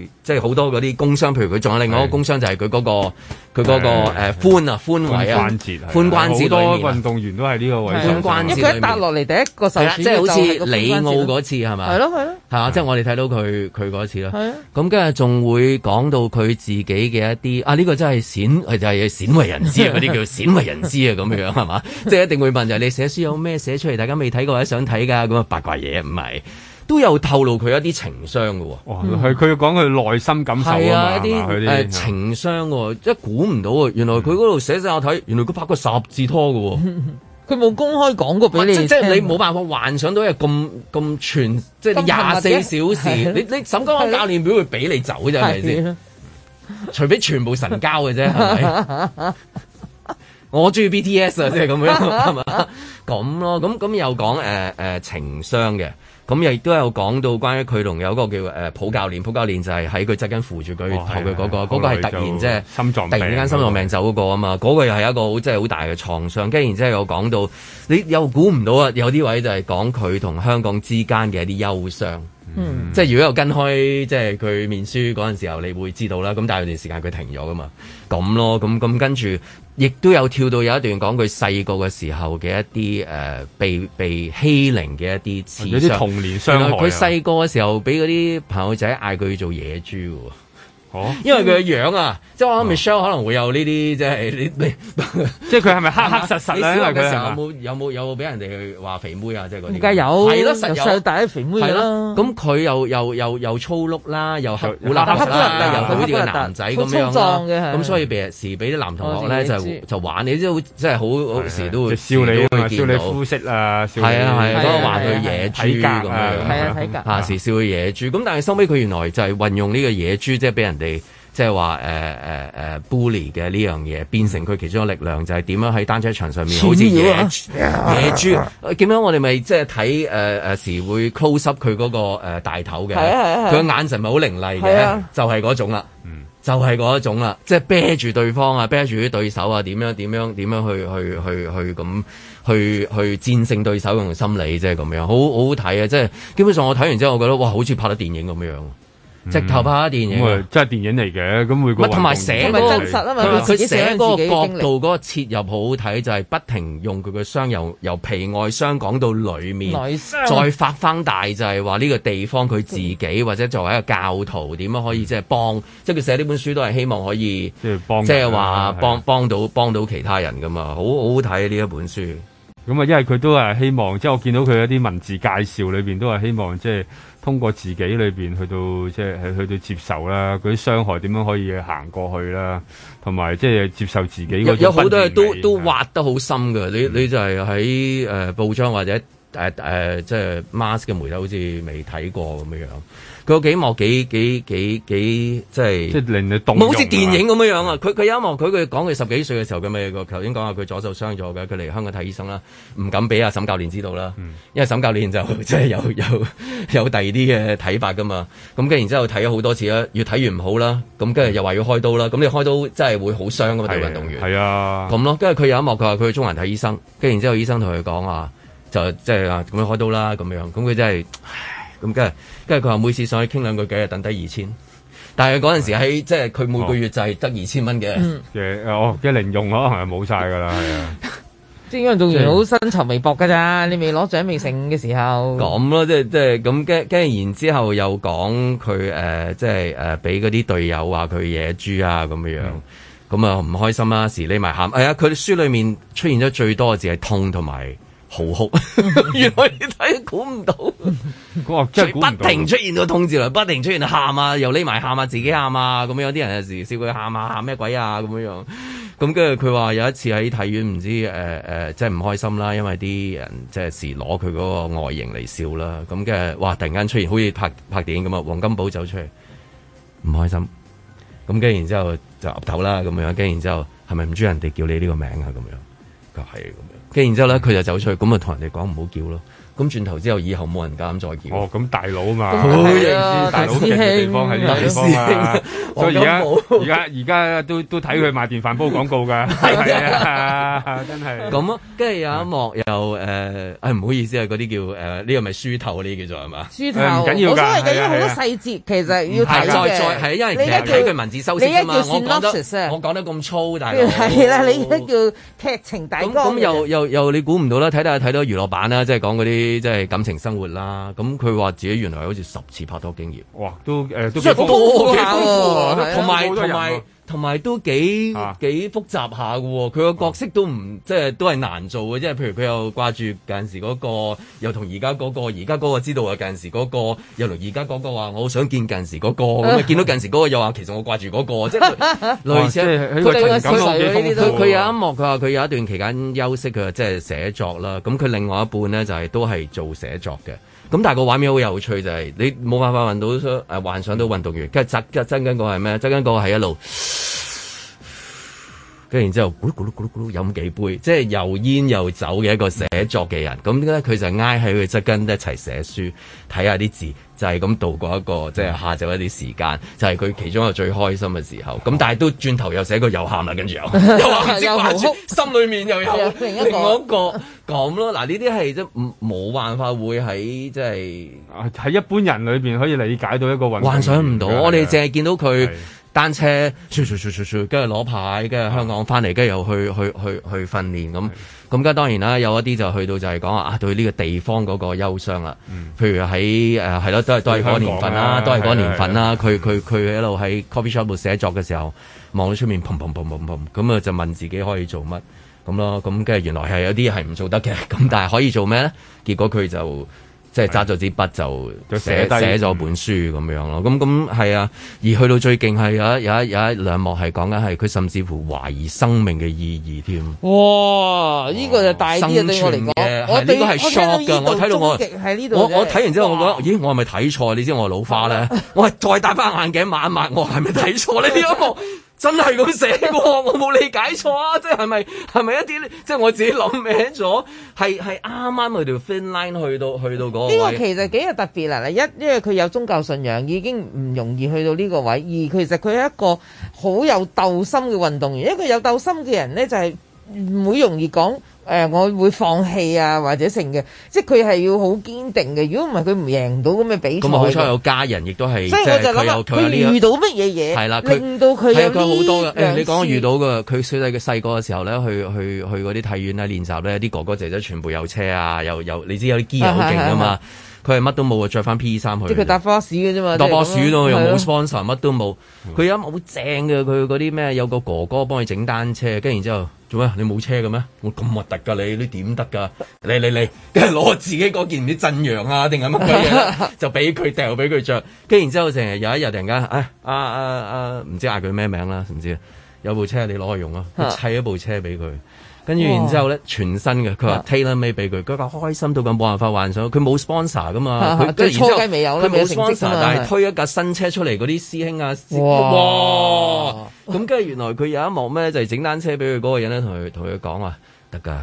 佢。呃即係好多嗰啲工商，譬如佢仲有另外一個工商，就係佢嗰個佢嗰個誒寬啊寬啊，關節啊，寬關節裏面。好多運動員都係呢個位，寬關節裏面。一跌落嚟，第一個受損，即係好似里奧嗰次係咪？係咯係咯，係嘛？即係我哋睇到佢佢嗰次啦。咁跟住仲會講到佢自己嘅一啲啊，呢個真係鮮，就係鮮為人知嗰啲叫鮮為人知啊咁樣係嘛？即係一定會問就係你寫書有咩寫出嚟？大家未睇過或者想睇噶咁啊八卦嘢唔係。都有透露佢一啲情商嘅，係佢講佢內心感受啊嘛，係嘛？佢啲情商，即係估唔到，啊，原來佢嗰度寫晒我睇，原來佢拍過十字拖嘅，佢冇公開講過俾你。即係即係你冇辦法幻想到係咁咁全，即係廿四小時。你你沈光安教練表會俾你走就係咪先？除非全部神交嘅啫，係咪？我中意 BTS 啊，即係咁樣，係嘛？咁咯，咁咁又講誒誒情商嘅。咁亦都有講到關於佢同有一個叫普教練，普教練就係喺佢側跟扶住佢頭嘅嗰個，嗰個係突然即係突然間心臟病走嗰個啊嘛，嗰個又係一個好真係好大嘅創傷。跟住然之後有講到，你又估唔到啊！有啲位就係講佢同香港之間嘅一啲憂傷。嗯、即係如果有跟開即係佢面書嗰陣時候，你會知道啦。咁但係有段時間佢停咗噶嘛，咁咯，咁咁跟住，亦都有跳到有一段講佢細個嘅時候嘅一啲誒、呃、被被欺凌嘅一啲創傷、有啲童年傷害。佢細個嘅時候，俾嗰啲朋友仔嗌佢做野豬啊。哦，因為佢嘅樣啊，即係我諗 Michelle 可能會有呢啲，即係你你，即係佢係咪黑黑實實咧？嘅時候有冇有冇有冇俾人哋去話肥妹啊？即係嗰啲，梗係有，係咯，由細大肥妹咯。咁佢又又又又粗碌啦，又黑胡邋遢啦，又黑嘅男仔咁樣。咁所以平時俾啲男同學咧就就玩你，即係好即係好好時都會笑你，笑你膚色啊，係啊係，嗰個話對野豬咁樣，係啊睇㗎，啊時笑佢野豬。咁但係收尾佢原來就係運用呢個野豬，即係俾人。哋即係話誒誒誒 Bully 嘅呢樣嘢，變成佢其中個力量，就係點樣喺單車場上面好似野野豬，點樣我哋咪即係睇誒誒時會 close up 佢嗰、那個誒、呃、大頭嘅，佢是眼神咪好凌厲嘅是、啊，就係、是、嗰種啦、嗯，就係嗰一種啦，即係啤住對方啊，啤住啲對手啊，點樣點樣點樣去去去去咁去去戰勝對手用心理啫咁、就是、樣，好好睇啊！即、就、係、是、基本上我睇完之後，我覺得哇，好似拍到電影咁樣。嗯、直頭拍電影，唔係、嗯，真係電影嚟嘅。咁每個唔同埋寫嗰個，佢、啊、寫嗰個角度、嗰個切入好好睇，就係、是、不停用佢嘅傷由由皮外傷講到裏面，生再發翻大，就係話呢個地方佢自己或者作為一個教徒，點樣可以即係、就是、幫，即係佢寫呢本書都係希望可以即係幫，幫，即係話幫到幫到其他人噶嘛，好好睇呢一本書。咁啊，因為佢都係希望，即、就、係、是、我見到佢一啲文字介紹裏面，都係希望即係。就是通過自己裏邊去到即係去到接受啦，嗰啲傷害點樣可以行過去啦，同埋即係接受自己嗰啲有好多嘢都都挖得好深㗎、嗯。你你就係喺誒報章或者誒、呃呃、即係 mask 嘅媒體好，好似未睇過咁樣樣。個幾幕幾幾幾幾，幾即係令你動，冇好似電影咁樣樣啊！佢佢、嗯、有一幕，佢佢講佢十幾歲嘅時候嘅咩，個頭先講下佢左手傷咗嘅，佢嚟香港睇醫生啦，唔敢俾阿沈教練知道啦，因為沈教練就即係有有有第二啲嘅睇法噶嘛。咁、嗯、跟、嗯、然之後睇咗好多次啦，越睇越唔好啦，咁跟住又話要開刀啦。咁你開刀真係會好傷噶嘛！對運的動員係啊，咁的咯。跟住佢有一幕，佢話佢去中環睇醫生，跟然之後，然後醫生同佢講話，就即係啊咁樣開刀啦咁樣。咁佢真係。咁跟住，跟住佢話每次上去傾兩句偈，就等低二千。但係嗰陣時喺即係佢每個月就係得二千蚊嘅，誒哦、嗯，即係零用咯，冇晒㗎啦，即係因為仲好薪酬微薄㗎咋，你未攞獎未成嘅時候。咁咯、嗯，即係即係咁，跟跟住然之後又講佢誒，即係誒，俾嗰啲隊友話佢野豬啊咁樣樣，咁啊唔開心啦，時匿埋喊。係、哎、啊，佢書裡面出現咗最多嘅字係痛同埋。好哭，豪豪原來你睇估唔到，佢不停出現到痛字嚟，不停出現喊啊，又匿埋喊啊，自己喊啊，咁有啲人有時笑佢喊啊，喊咩鬼啊，咁樣樣。咁跟住佢話有一次喺體院，唔知誒誒，即係唔開心啦，因為啲人即係時攞佢嗰個外形嚟笑啦。咁跟住哇，突然間出現好似拍拍電影咁啊，黃金寶走出嚟，唔開心。咁跟住，然之後就岌頭啦，咁樣跟住，然之後係咪唔中意人哋叫你呢個名啊？咁樣佢係咁樣。跟住然之後咧，佢就走出去，咁咪同人哋講唔好叫咯。咁轉頭之後，以後冇人敢再見。哦，咁大佬嘛，好意思，大佬嘅地方係呢啲地方啊。所以而家而家而家都都睇佢賣電飯煲廣告㗎，係啊，真係。咁跟住有一幕又誒，唔好意思啊，嗰啲叫誒呢個咪書頭嗰啲叫做係嘛？書頭唔緊要㗎。所以嘅因為好多細節其實要睇。再再係因為其實你睇佢文字修飾我講得我講得咁粗，但係啦，你而家叫劇情大綱咁咁又又又你估唔到啦？睇睇睇到娛樂版啦，即係講嗰啲。即係感情生活啦，咁佢話自己原來好似十次拍拖經驗，哇，都誒、呃、都幾多啊，同埋同埋。同埋都幾幾複雜下嘅喎，佢個角色都唔即係都係難做嘅，即係譬如佢又掛住近時嗰個，又同而家嗰個，而家嗰個知道啊，近時嗰個又同而家嗰個話我好想見近時嗰個咁啊，見到近時嗰個又話其實我掛住嗰個， 即係類，類似佢情感好豐富。佢有一幕佢話佢有一段期間休息佢即係寫作啦，咁佢另外一半呢，就係都係做寫作嘅。咁但係個畫面好有趣就係你冇辦法運到想，誒，啊，幻想到運動員，跟住爭緊個係咩？爭緊個係一路。跟住然之後咕嚕咕嚕咕嚕咕嚕飲幾杯，即係又煙又酒嘅一個寫作嘅人，咁點解佢就挨喺佢側跟一齊寫書，睇下啲字就係、是、咁度過一個、嗯、即係下晝一啲時間，就係、是、佢其中一個最開心嘅時候。咁但係都轉頭又寫個又喊啦，跟住又又話直出心裏面又有 另一個咁咯。嗱呢啲係即冇冇辦法會喺即係喺一般人裏邊可以理解到一個、啊、幻，幻想唔到，的我哋淨係見到佢。單車，跟住攞牌，跟住香港翻嚟，跟住又去、嗯、去去去，去訓練咁，咁跟是的 當然啦，有一啲就去到就係講話啊對呢個地方嗰個憂傷啦。嗯。譬如喺誒係咯，都係都係嗰年份啦，啊、都係嗰年份啦。佢佢佢一路喺 coffee shop 度寫作嘅時候，望到出面砰砰砰砰砰咁啊，就問自己可以做乜咁咯。咁跟住原來係有啲嘢係唔做得嘅，咁但係可以做咩咧？結果佢就。即係揸咗支筆就寫寫咗本書咁、嗯、樣咯，咁咁係啊！而去到最勁係有一有一有一兩幕係講緊係佢甚至乎懷疑生命嘅意義添。哇！呢哇個就大嘅對我嚟講，我呢個係 shock 噶。我睇到我我我睇完之後，我覺得哇咦，我係咪睇錯？你知我老花咧， 我係再戴翻眼鏡抹一抹，我係咪睇錯呢啲一幕？ 真係咁寫過我冇理解錯啊！即係咪係咪一啲即係我自己諗歪咗？係係啱啱佢條 finish line 去到去到嗰個位。呢個其實幾特別嚟，一因為佢有宗教信仰已經唔容易去到呢個位，二，其實佢係一個好有鬥心嘅運動員。一個有鬥心嘅人咧，就係、係、唔會容易講。誒、呃，我會放棄啊，或者成嘅，即係佢係要好堅定嘅。如果唔係，佢唔贏到咁嘅比賽。咁啊，好彩有家人，亦都係，即係佢有佢遇到乜嘢嘢，係啦，令到佢佢好多嘅、哎。你講我遇到嘅，佢細細嘅細個嘅時候咧，去去去嗰啲體院咧練習咧，啲哥哥姐姐全部有車啊，又又你知有啲機油好勁噶嘛，佢係乜都冇啊，著翻 P.E. 衫去。即係佢搭巴士嘅啫嘛，搭巴士咯，又冇 sponsor，乜都冇。佢有一幕好正嘅，佢嗰啲咩有個哥哥幫佢整單車，跟住然之後。做咩？你冇車嘅咩？我咁核突噶你，你點得噶？你你你跟住攞自己嗰件啲鎮羊啊，定係乜鬼嘢，就俾佢掉俾佢着。跟然之後，成日有一日突然間，唉、哎，啊啊啊唔知嗌佢咩名啦，唔知，有部車你攞去用咯，砌一部車俾佢。跟住，然之後咧，全新嘅，佢話 TaylorMade 俾佢，佢咁開心到咁，冇辦法幻想。佢冇 sponsor 噶嘛，佢跟住然之後佢冇 sponsor，但係推一架新車出嚟，嗰啲師兄啊，哇！咁跟住原來佢有一幕咩，就係整單車俾佢嗰個人咧，同佢同佢講話，得㗎，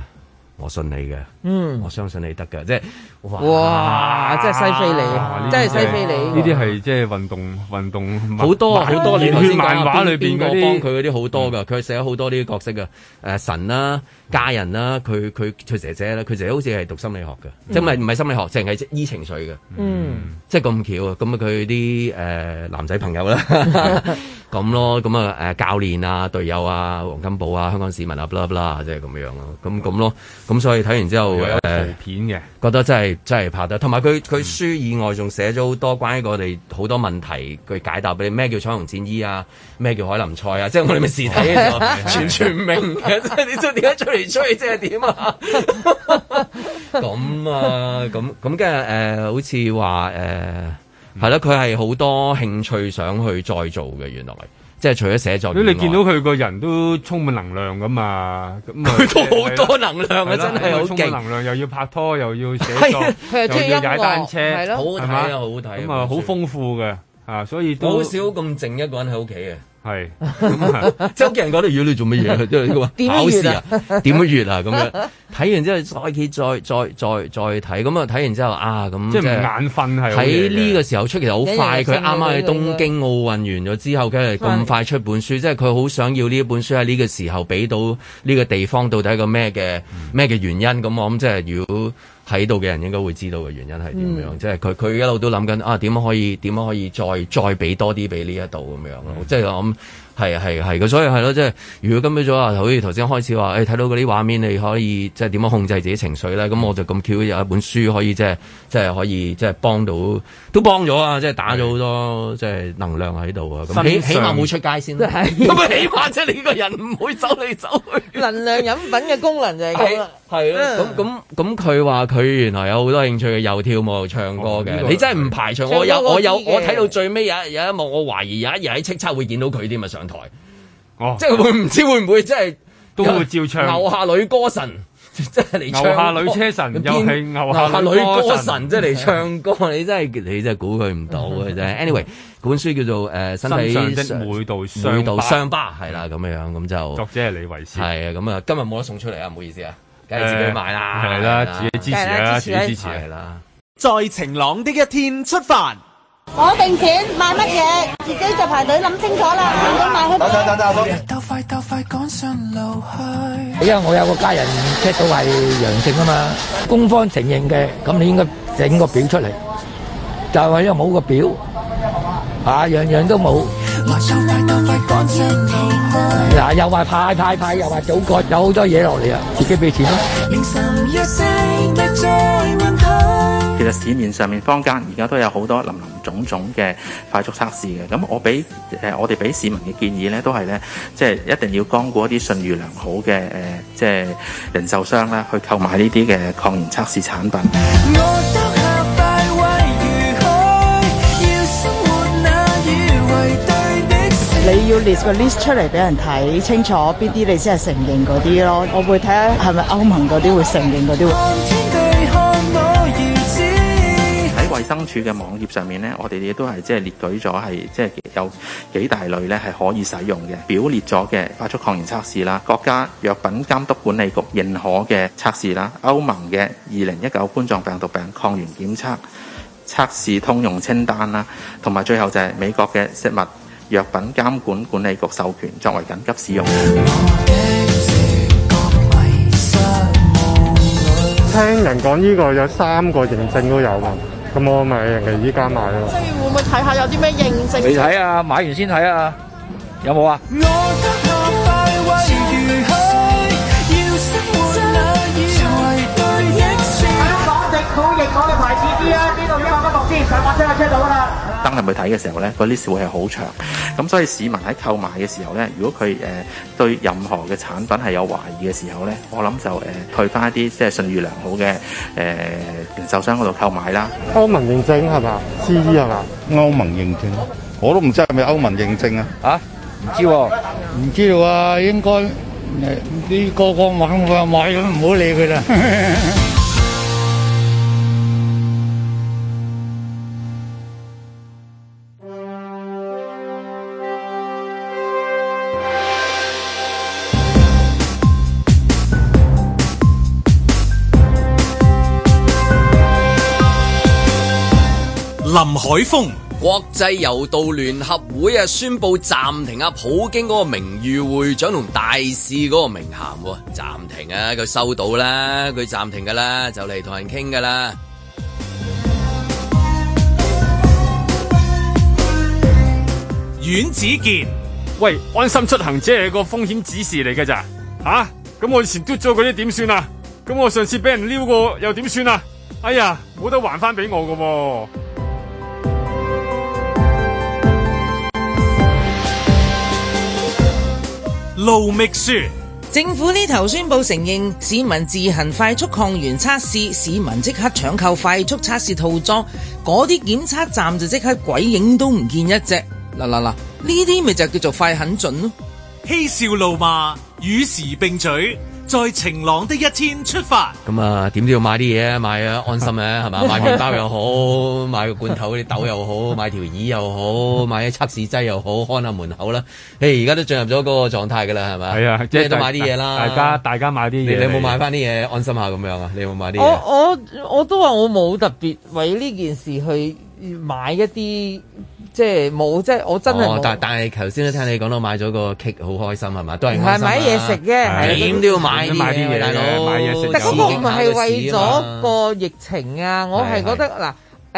我信你嘅。嗯，我相信你得噶，即係哇，哇，即係西非你，即係西非你、這個。呢啲係即係運動運動，好多好多。呢段、嗯、漫畫裏邊嗰幫佢啲好多噶，佢寫咗好多呢啲角色噶，誒、呃、神啦、啊、嫁人啦、啊，佢佢佢姐姐啦，佢姐姐好似係讀心理學噶，嗯、即係唔係心理學，淨係醫情緒噶。嗯，即係咁巧啊，咁啊佢啲誒男仔朋友啦，咁咯，咁啊誒教練啊、隊友啊、黃金寶啊、香港市民啊，啦啦，即係咁樣咯，咁咁咯，咁所以睇完之後。有部片嘅，欸，覺得真係真係拍得，同埋佢佢書以外仲寫咗好多關於我哋好多問題，佢解答俾你咩叫彩虹戰衣啊，咩叫海南菜啊，即係我哋咪試睇完全唔明嘅，你知點解出嚟吹？即係點啊？咁 啊，咁咁嘅誒，好似話誒係咯，佢係好多興趣想去再做嘅，原來。即係除咗寫作，如果你見到佢個人都充滿能量噶嘛？佢都好多能量啊，真係好勁！充滿能量又要拍拖又要寫作，又要踩單車，係咯，好好睇咁啊，好豐富嘅啊，所以都好少咁靜一個人喺屋企嘅。係 周杰倫覺得，如果、哎、你做乜嘢都係考試啊，點 樣閱啊咁樣睇完之後，再再再再再睇，咁啊睇完之後啊咁，即係眼瞓係喺呢個時候出其實好快，佢啱啱喺東京奧運完咗之後，梗係咁快出本書，即係佢好想要呢一本書喺呢個時候俾到呢個地方到底係個咩嘅咩嘅原因，咁我諗即係如果。喺度嘅人應該會知道嘅原因係點樣，嗯、即係佢佢一路都諗緊啊點樣可以點樣可以再再俾多啲俾呢一度咁樣咯，嗯、即係諗。嗯係係係所以係咯，即係如果今朝早話，好似頭先開始話，誒、欸、睇到嗰啲畫面，你可以即係點樣控制自己情緒咧？咁我就咁 Q 有一本書可以即係即係可以即係幫到，都幫咗啊！即係打咗好多對 即係能量喺度啊！至起起碼冇出街先，咁對 起碼即係你個人唔會走嚟走去。能量飲品嘅功能就係咁。係啦，咁咁咁佢話佢原來有好多興趣嘅，又跳舞又唱歌嘅。你真係唔排除我有我有我睇到最尾有一有一幕，我懷疑有一日喺叱咤會見到佢添台哦，即係會唔知會唔會真係都會照唱。牛下女歌神即係牛下女車神又係牛下女歌神，即係嚟唱歌。你真係你真係估佢唔到嘅啫。Anyway，本書叫做誒身體上的每道傷疤，係啦咁嘅樣咁就作者係李維斯係啊。咁啊今日冇得送出嚟啊，唔好意思啊，梗係自己買啦，係啦自己支持啦，自己支持啦。在晴朗的一天出發。我定錢買乜嘢，自己就排隊諗清楚啦。等一等，等一等。因為我有個家人 check 到係陽性啊嘛，官方承認嘅，咁你應該整個表出嚟，就係因為冇個表啊，樣樣都冇。嗱，又話派派派，又話祖國，有好多嘢落嚟啊，自己俾錢囉。其實市面上面坊間而家都有好多林林種種嘅快速測試嘅，咁我俾誒我哋俾市民嘅建議咧，都係咧，即係一定要光顧一啲信譽良好嘅誒、呃，即係零售商啦，去購買呢啲嘅抗原測試產品。你要列個 list 出嚟俾人睇清楚，邊啲你先係承認嗰啲咯？我會睇下係咪歐盟嗰啲會承認嗰啲。衞生署嘅網頁上面呢，我哋亦都係即係列舉咗，係即係有幾大類咧係可以使用嘅，表列咗嘅快速抗原測試啦，國家藥品監督管理局認可嘅測試啦，歐盟嘅二零一九冠狀病毒病抗原檢測測試通用清單啦，同埋最後就係美國嘅食物藥品監管管理局授權作為緊急使用。聽人講呢個有三個認證都有。咁我咪人哋依間買咯。即係會唔會睇下有啲咩認證？未睇啊，買完先睇啊，有冇啊？知呢度一百蚊六千，上架車車到啦。登入去睇嘅時候咧，個 list 會係好長，咁所以市民喺購買嘅時候咧，如果佢誒對任何嘅產品係有懷疑嘅時候咧，我諗就誒退翻一啲即係信譽良好嘅誒零售商嗰度購買啦。歐盟認證係嘛？C E 係嘛？歐盟認證，我都唔知係咪歐盟認證啊？啊？唔知道？啊？唔知道啊？應該你個個買我買咁，唔好理佢啦。 海豐國際柔道聯合會啊，宣布暫停阿普京嗰個名譽會長同大使嗰個名銜，暫停啊！佢收到啦，佢暫停噶啦，就嚟同人傾噶啦。阮子健，喂，安心出行即係個風險指示嚟噶咋？吓、啊，咁我以前嘟咗嗰啲點算啊？咁我上次俾人撩過又點算啊？哎呀，冇得還翻俾我噶。路秘書，政府呢頭宣布承認市民自行快速抗原測試，市民即刻搶購快速測試套裝，嗰啲檢測站就即刻鬼影都唔見一隻。嗱嗱嗱，呢啲咪就叫做快狠準咯。嬉笑怒罵，與時並舉。在晴朗的一天出發。咁啊，點都要買啲嘢，買啊安心嘅，係嘛，買麵包又好，買個罐頭啲豆又好，買條椅又好，買啲測試劑又好，看下門口啦。誒，而家都進入咗嗰個狀態㗎喇，係咪？係啊，即係都買啲嘢啦。大家大家買啲嘢，你有冇買翻啲嘢安心下咁樣啊？你有冇買啲嘢？我我我都話我冇特別為呢件事去買一啲。即係冇，即係我真係。但但係頭先都聽你講到買咗個 kick 好開心係嘛？都係唔係買嘢食嘅，點都要買啲嘢。大佬，但嗰個唔係為咗個疫情啊，我係覺得嗱，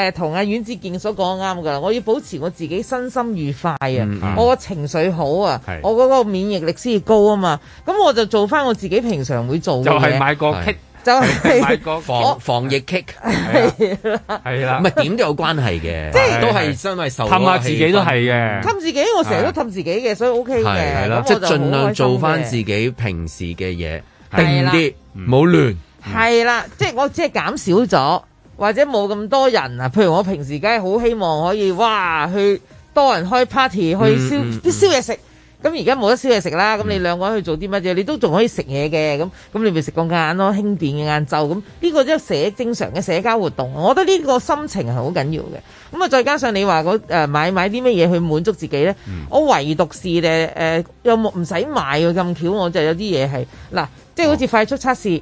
誒同阿阮志健所講啱㗎啦，我要保持我自己身心愉快啊，我個情緒好啊，我嗰個免疫力先至高啊嘛，咁我就做翻我自己平常會做嘅就係買個 kick 就係防防疫 kick 係啦，係啦，唔係點都有關係嘅，即係都係因為受氹下自己都係嘅，氹自己我成日都氹自己嘅，所以 OK 嘅，係啦，即係盡量做翻自己平時嘅嘢，定啲唔好亂，係啦，即係我只係減少咗，或者冇咁多人啊，譬如我平時梗係好希望可以哇去多人開 party 去燒啲燒嘢食。咁而家冇得宵夜食啦，咁你兩個人去做啲乜嘢？嗯、你都仲可以食嘢嘅，咁咁你咪食個晏咯，輕便嘅晏晝。咁呢個即係社正常嘅社交活動。我覺得呢個心情係好緊要嘅。咁啊，再加上你話嗰、呃、買買買啲乜嘢去滿足自己咧，嗯、我唯獨是誒誒有冇唔使買咁巧，我就有啲嘢係嗱，即係好似快速測試，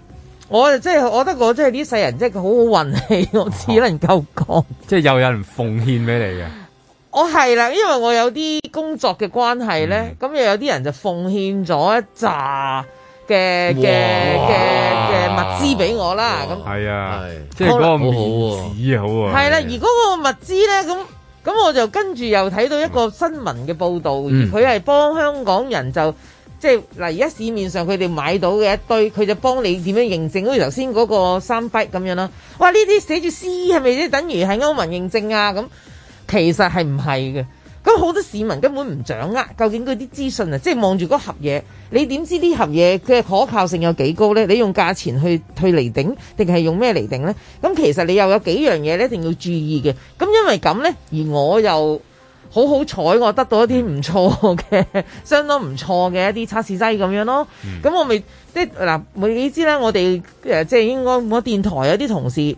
我就即係我覺得我即係呢世人即係佢好好運氣，我只能夠講，哦、 即係又有人奉獻俾你嘅。我係、哦、啦，因為我有啲工作嘅關係咧，咁又、嗯、有啲人就奉獻咗一紮嘅嘅嘅嘅物資俾我啦。咁係哇、嗯、啊，即係嗰個面子好啊。係啦，啊、而嗰個物資咧，咁咁我就跟住又睇到一個新聞嘅報導，佢係、嗯、幫香港人就即係嗱，而、就、家、是、市面上佢哋買到嘅一堆，佢就幫你點樣認證？好似頭先嗰個三筆咁樣啦。哇，C, 是是呢啲寫住 CE 係咪即等於喺歐盟認證啊？咁其實係唔係嘅？咁好多市民根本唔掌握究竟嗰啲資訊啊！即係望住嗰盒嘢，你點知呢盒嘢嘅可靠性有幾高呢？你用價錢去去嚟定，定係用咩嚟定呢？咁其實你又有幾樣嘢一定要注意嘅。咁因為咁呢，而我又好好彩，我得到一啲唔錯嘅，相當唔錯嘅一啲測試劑咁樣咯。咁、嗯、我咪即係嗱，你知呢，我哋誒即係應該我電台有啲同事。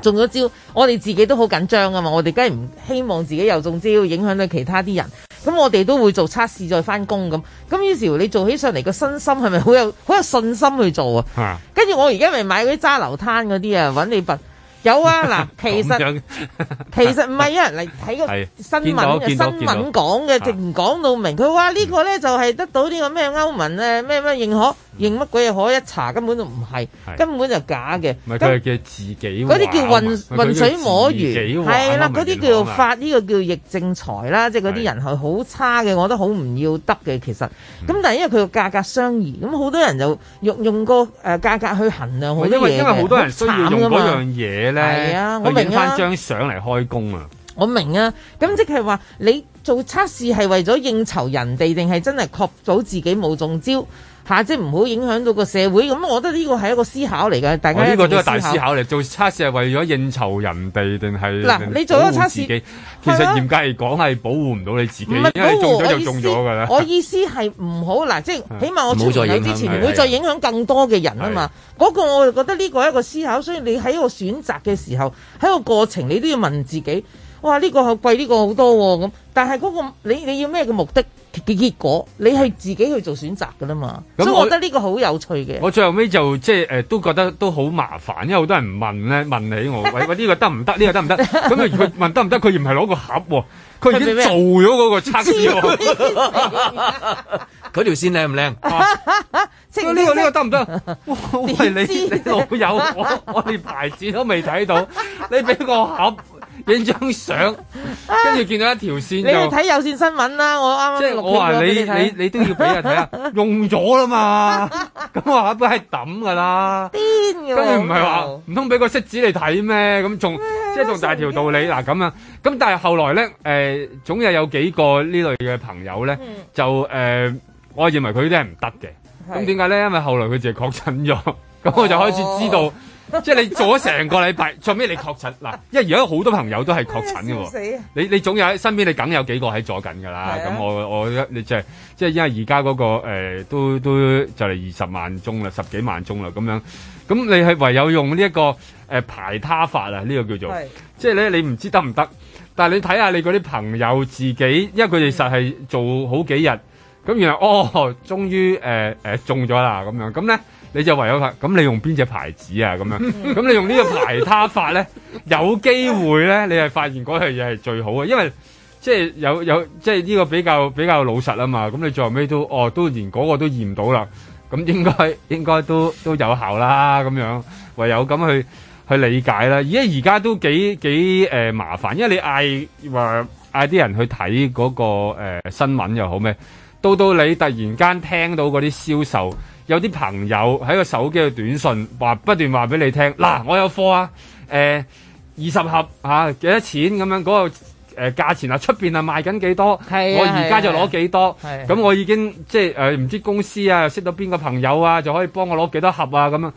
中咗招，我哋自己都好緊張㗎嘛，我哋梗係唔希望自己又中招，影響到其他啲人，咁我哋都會做測試再翻工咁，咁於是乎你做起上嚟個身心係咪好有好有信心去做啊？跟住我而家咪買嗰啲揸流灘嗰啲啊，搵你笨。有啊嗱，其實其實唔係有人嚟睇個新聞，新聞講嘅，直唔講到明。佢話呢個咧就係得到呢個咩歐盟咧咩咩認可，認乜鬼嘢可一查，根本就唔係，根本就假嘅。係佢係叫自己，嗰啲叫混水摸魚，係啦，嗰啲叫發呢個叫疫症財啦，即係嗰啲人係好差嘅，我覺得好唔要得嘅。其實咁，但係因為佢個價格相宜，咁好多人就用用個誒價格去衡量好多嘢。因為因為好多人需要用嗰樣嘢。係啊，我明啊。影翻張相嚟開工啊！我明啊，咁即係話你做測試係為咗應酬人哋，定係真係確保自己冇中招？下即唔好影響到個社會咁，我覺得呢個係一個思考嚟嘅。大家呢、哦呢個都係大思考嚟，做測試係為咗應酬人哋定係？嗱，嘆你做個測試，其實嚴格嚟講係保護唔到你自己，因為你中咗就中咗㗎啦。我意思係唔好嗱，即係起碼我做嘅之前唔會再影響更多嘅人啊嘛。嗰是是個我係覺得呢個係一個思考，所以你喺個選擇嘅時候，喺個過程你都要問自己：哇，呢、呢個係貴呢個好多喎、啊、咁。但係嗰、嗰個你你要咩嘅目的？嘅結果，你係自己去做選擇噶啦嘛，我所以我覺得呢個好有趣嘅。我最後尾就即係、呃、都覺得都好麻煩，因為好多人問咧，問起我，喂喂，呢、呢個得唔得？呢、呢個得唔得？咁佢 問得唔得？佢唔係攞個盒，佢已經做咗嗰個測試。佢條線靚唔靚？呢個呢、呢個得唔得？ 喂，你 你老友，我我連牌子都未睇到，你俾個盒。影張相，跟住見到一條線，你睇有線新聞啦。我啱啱即係我話你，你你都要俾人睇下，用咗啦嘛。咁我下邊係抌噶啦。編嘅，跟住唔係話，唔通俾個色紙你睇咩？咁仲即係仲大條道理。嗱咁樣，咁但係後來咧，誒，總有有幾個呢類嘅朋友咧，就誒，我認為佢啲係唔得嘅。咁點解咧？因為後來佢自己確診咗，咁我就開始知道。即係你做咗成個禮拜，最尾你確診嗱，因為而家好多朋友都係確診嘅喎，你你總有喺身邊，你梗有幾個喺做緊噶啦。咁是、啊、我我你即係即係，因為而家嗰個誒、呃、都都就嚟二十萬宗啦，十幾萬宗啦，咁樣，咁你係唯有用呢、這、一個誒、呃、排他法啊，呢、這個叫做，是 即係咧你唔知得唔得，但係你睇下你嗰啲朋友自己，因為佢哋實係做好幾日，咁、嗯、原來哦，終於誒誒中咗啦咁樣，咁咧。你就唯有法，咁你用邊隻牌子啊？咁樣，咁你用呢個排他法咧， 有機會咧，你係發現嗰樣嘢係最好嘅，因為即係有有即係呢個比較比較老實啊嘛。咁你最後尾都哦，都連嗰個都驗唔到啦，咁應該應該都都有效啦。咁樣唯有咁去去理解啦。而家而家都幾幾、呃、麻煩，因為你嗌話嗌啲人去睇嗰、那個、呃、新聞又好咩？到到你突然間聽到嗰啲銷售。有啲朋友喺個手機嘅短信話，不斷話俾你聽，嗱、啊、我有貨啊，誒，二十盒吓幾、啊、多錢咁樣，嗰、嗰個誒價、呃、錢啊，出邊啊賣緊幾多，啊、我而家就攞幾多，咁、啊啊、我已經即係誒唔知公司啊，識到邊個朋友啊，就可以幫我攞幾多盒啊咁樣，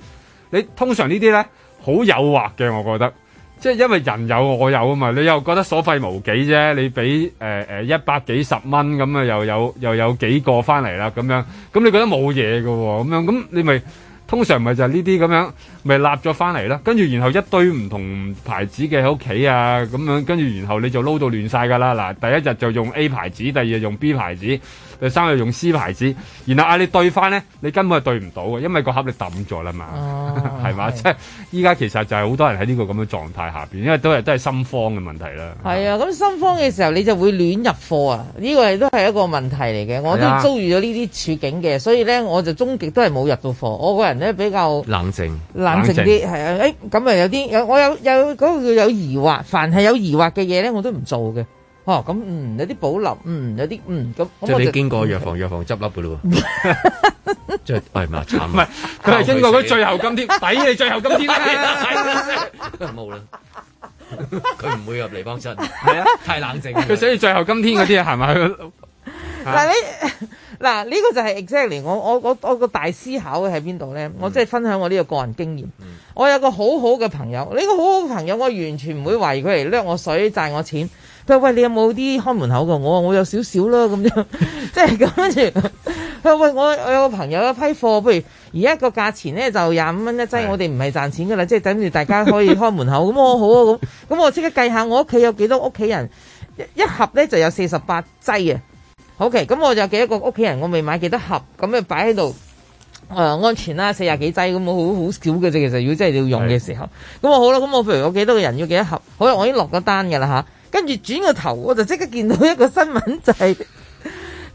你通常呢啲咧好誘惑嘅，我覺得。即係因為人有我有啊嘛，你又覺得所費無幾啫，你俾誒誒一百幾十蚊咁啊，又有又有幾個翻嚟啦咁樣，咁你覺得冇嘢㗎喎，咁樣咁你咪通常咪就係呢啲咁樣。咪立咗翻嚟啦，跟住然後一堆唔同牌子嘅喺屋企啊咁樣，跟住然後你就撈到亂晒噶啦！嗱，第一日就用 A 牌子，第二日用 B 牌子，第三日用 C 牌子，然後嗌你對翻咧，你根本係對唔到嘅，因為個盒你抌咗啦嘛，係嘛、啊？即係依家其實就係好多人喺呢個咁嘅狀態下邊，因為都係都係心慌嘅問題啦。係啊，咁心慌嘅時候你就會亂入貨啊！呢、這個都係一個問題嚟嘅。我都遭遇咗呢啲處境嘅，啊、所以咧我就終極都係冇入到貨。我個人咧比較冷靜靜。冷冷靜啲，係啊，誒，咁啊有啲，有我有有嗰個有疑惑，凡係有疑惑嘅嘢咧，我都唔做嘅。哦，咁嗯，有啲保留，嗯，有啲嗯，咁。即係你經過藥房，藥房執笠嘅咯。即係，哎呀，慘！唔係，佢係經過佢最後今天，抵你最後今天啦。冇啦，佢唔會入嚟幫襯。係啊，太冷靜。佢所以最後今天啲嘢，係咪？係咧。嗱，呢個就係 exactly 我我我我個大思考喺邊度咧？嗯、我即係分享我呢個個人經驗。嗯、我有個好好嘅朋友，呢個好好嘅朋友，我完全唔會懷疑佢嚟掠我水賺我錢。佢話：喂，你有冇啲開門口㗎？我我有少少啦咁樣，即係咁樣。佢話：喂，我我有個朋友一批貨，不如而家個價錢咧就廿五蚊一劑，是我哋唔係賺錢㗎啦，即、就、係、是、等住大家可以開門口。咁 我好啊，咁咁我即刻計下我屋企有幾多屋企人，一盒咧就有四十八劑啊！OK，咁我就記得個屋企人，我未買幾多盒，咁咪擺喺度，誒、呃、安全啦，四廿幾劑咁，我好好少嘅啫。其實如果真係要用嘅時候，咁的我好啦，咁我譬如我幾多個人要幾多盒，好啦，我已經落咗單㗎啦吓，跟、啊、住轉個頭我就即刻見到一個新聞就係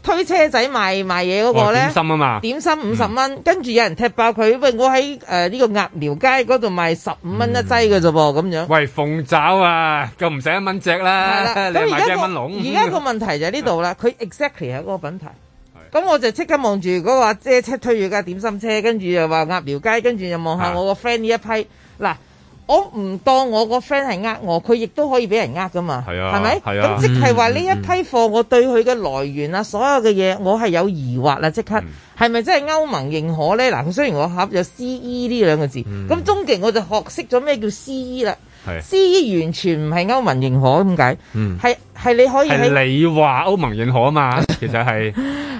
推車仔賣賣嘢嗰個呢點心啊嘛，點心五十蚊，嗯、跟住有人踢爆佢喂，我喺誒呢個鴨寮街嗰度賣十五蚊一劑㗎啫喎，咁、嗯、樣。喂，鳳爪啊，咁唔使一蚊隻啦，了你賣幾蚊籠？而家個，個問題就喺呢度啦，佢 exactly 係嗰個品牌。咁的我就即刻望住嗰個阿姐車推住架點心車，跟住又話鴨寮街，跟住又望下我個 friend 呢一批嗱。的我唔當我個 friend 係呃我，佢亦都可以俾人呃㗎嘛，係啊，係咪？咁即係話呢一批貨，我對佢嘅來源啊，所有嘅嘢，我係有疑惑啦，即刻係咪真係歐盟認可呢？嗱，雖然我盒有 CE 呢兩個字，咁終極我就學識咗咩叫 CE 啦。CE 完全唔係歐盟認可咁解，係係你可以係你話歐盟認可啊嘛，其實係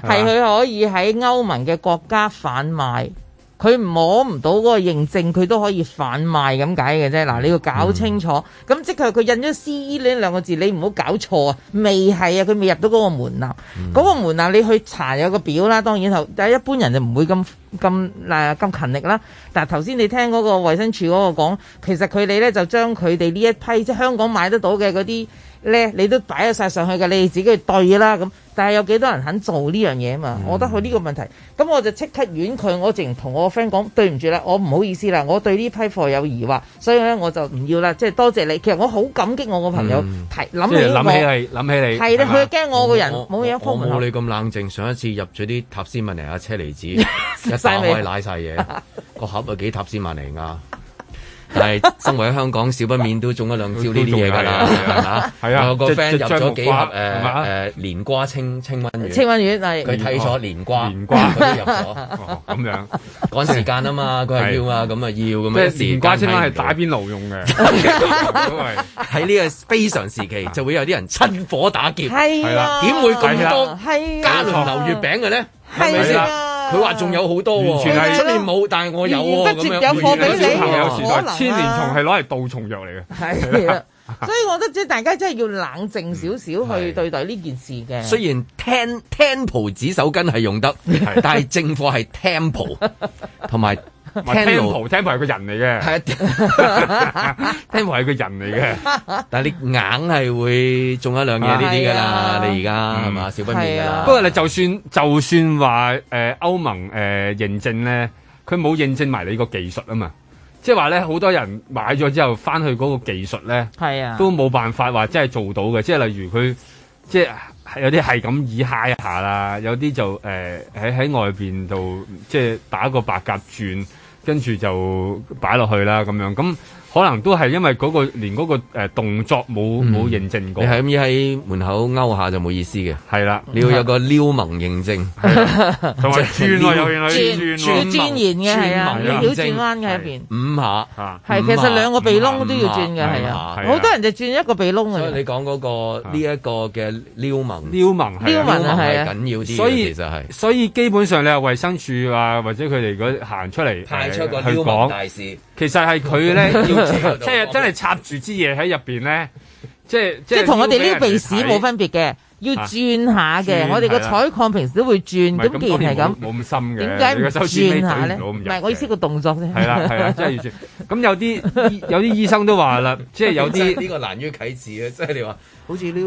係佢可以喺歐盟嘅國家販賣。佢摸唔到嗰個認證，佢都可以販賣咁解嘅啫。嗱，你要搞清楚。咁、嗯、即係佢印咗 CE 呢兩個字，你唔好搞錯啊。未係啊，佢未入到嗰個門檻。嗰、嗯、個門檻你去查有個表啦，當然後但係一般人就唔會咁。咁嗱咁勤力啦，但係頭先你聽嗰個衛生署嗰個講，其實佢哋咧就將佢哋呢一批即係香港買得到嘅嗰啲咧，你都擺咗晒上去嘅，你自己去對啦咁。但係有幾多人肯做呢樣嘢啊嘛？我覺得佢呢個問題，咁、嗯、我就即刻婉拒。我直情同我個 friend 講，嗯、對唔住啦，我唔好意思啦，我對呢批貨有疑惑，所以咧我就唔要啦。即係多謝你，其實我好感激我個朋友、嗯、提諗起你。諗起係起嚟，係佢驚我個人冇嘢、嗯。我冇你咁冷靜。上一次入咗啲塔斯曼尼亞車厘子。 打開瀨晒嘢，個盒咪幾塔斯曼嚟噶，但係身為喺香港，少不免都中咗兩招呢啲嘢噶啦，係咪啊？有個 friend 入咗幾盒誒誒蓮瓜青清溫魚，清溫魚，佢睇咗蓮瓜，蓮瓜佢都入咗，咁樣趕時間啊嘛，佢係要啊，咁啊要咁樣。蓮瓜青係打邊爐用嘅，喺呢個非常時期就會有啲人趁火打劫，係啦，點會咁多加侖牛月餅嘅咧？係咪先？佢話仲有好多喎、哦，完然冇，但係我有喎、哦，咁樣。有貨俾你，有時代、啊、千年蟲係攞嚟杜蟲藥嚟嘅。係的， 所以我覺得即係大家真係要冷靜少少去對待呢件事嘅。雖然 Temple 紙手巾係用得，的但係正貨係 Temple，同埋。Temple Temple 係個人嚟嘅，Temple 係個人嚟嘅， 但係你硬係會中一兩嘢呢啲噶啦，你而家係嘛，少不免噶啦。不過你就算就算話誒、呃、歐盟誒、呃、認證咧，佢冇認證埋你個技術啊嘛，即係話咧好多人買咗之後翻去嗰個技術咧，係啊，都冇辦法話真係做到嘅。即係例如佢即係有啲係咁以嗨下啦，有啲就誒喺喺外邊度即係打個白鴿轉。跟住就擺落去啦，咁樣咁。可能都係因為嗰個連嗰個誒動作冇冇認證過。你係咁要喺門口勾下就冇意思嘅。係啦，你要有個撩萌認證，同埋轉啊轉，轉轉轉轉嘅係啊，要轉彎嘅入邊。五下，係其實兩個鼻窿都要轉嘅係啊，好多人就轉一個鼻窿啊。所以你講嗰個呢一個嘅撩萌，撩萌，撩萌係緊要啲。所以其實係，所以基本上你係衛生署啊，或者佢哋嗰行出嚟，派出個撩萌大使，其實係佢咧即係真係插住支嘢喺入邊咧，即係即係同我哋呢鼻屎冇分別嘅，要轉下嘅。啊、我哋個採礦平時都會轉，咁既、啊啊、然係咁，冇咁深嘅，點解唔轉下咧？唔係我意思個動作啫。係啦係啦，即係要轉。咁有啲有啲醫生都話啦，即係有啲呢 個難於啟齒，即係你話。好似撩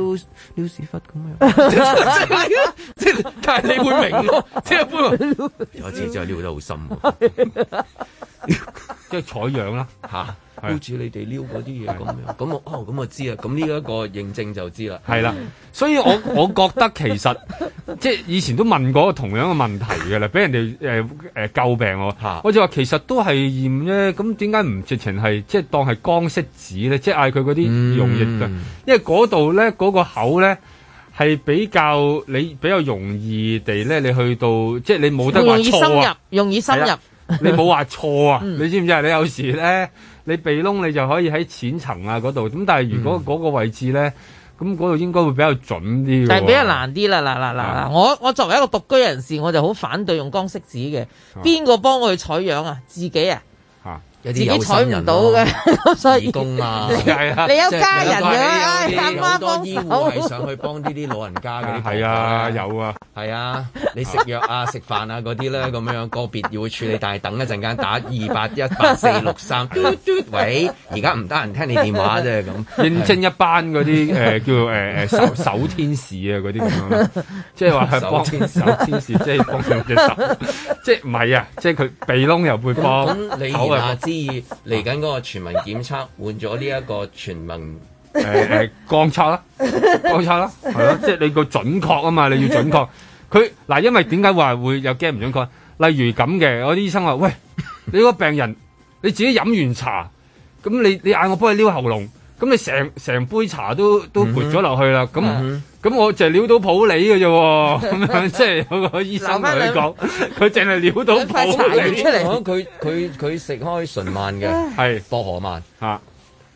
撩屎忽咁樣，即係但係你會明喎，即係會。 有一次真係撩得好深喎，即係採樣啦嚇，姑住、啊啊、你哋撩嗰啲嘢咁樣，咁我哦咁我知啊，咁呢一個認證就知啦，係啦、啊，所以我我覺得其實即係、就是、以前都問過同樣嘅問題嘅啦，俾人哋、呃呃、詬病喎，啊、我就話其實都係驗啫，咁點解唔直情係即係當係光色紙咧？即係嗌佢嗰啲溶液嘅，嗯嗯、因為嗰度。咧嗰個口咧係比較你比較容易地咧，你去到即係你冇得話錯啊，容易深入，容易深入，你冇話錯啊， 嗯、你知唔知啊？你有時咧，你鼻窿你就可以喺淺層啊嗰度，咁但係如果嗰個位置咧，咁嗰度應該會比較準啲，但係比較難啲啦，嗱嗱嗱嗱，的我我作為一個獨居人士，我就好反對用光色紙嘅，邊個幫我去採樣啊？自己啊？自己採唔到嘅義工啊！你有家人嘅，好多醫護係上去幫呢啲老人家㗎。啲，係啊，有啊，係啊，你食藥啊、食飯啊嗰啲咧，咁樣個個別要處理，但係等一陣間打二八一八四六三。喂！而家唔得人聽你電話啫，咁認真一班嗰啲叫做誒誒守守天使啊嗰啲咁樣即係話手幫天使，即係幫兩手，即係唔係啊？即係佢鼻窿又會幫。你所以嚟緊嗰個全民檢測換咗呢一個全民誒誒光測啦，光測啦，係咯，即係你個準確啊嘛，你要準確。佢嗱，因為點解話會有驚唔準確？例如咁嘅，我啲醫生話：喂，你個病人你自己飲完茶，咁你你嗌我幫你撩喉嚨，咁你成成杯茶都都撥咗落去啦，咁。咁我就撩到普洱㗎啫喎，咁即係嗰個醫生同佢講，佢淨係撩到普洱。嚟。佢佢佢食開順慢嘅，係是薄荷慢吓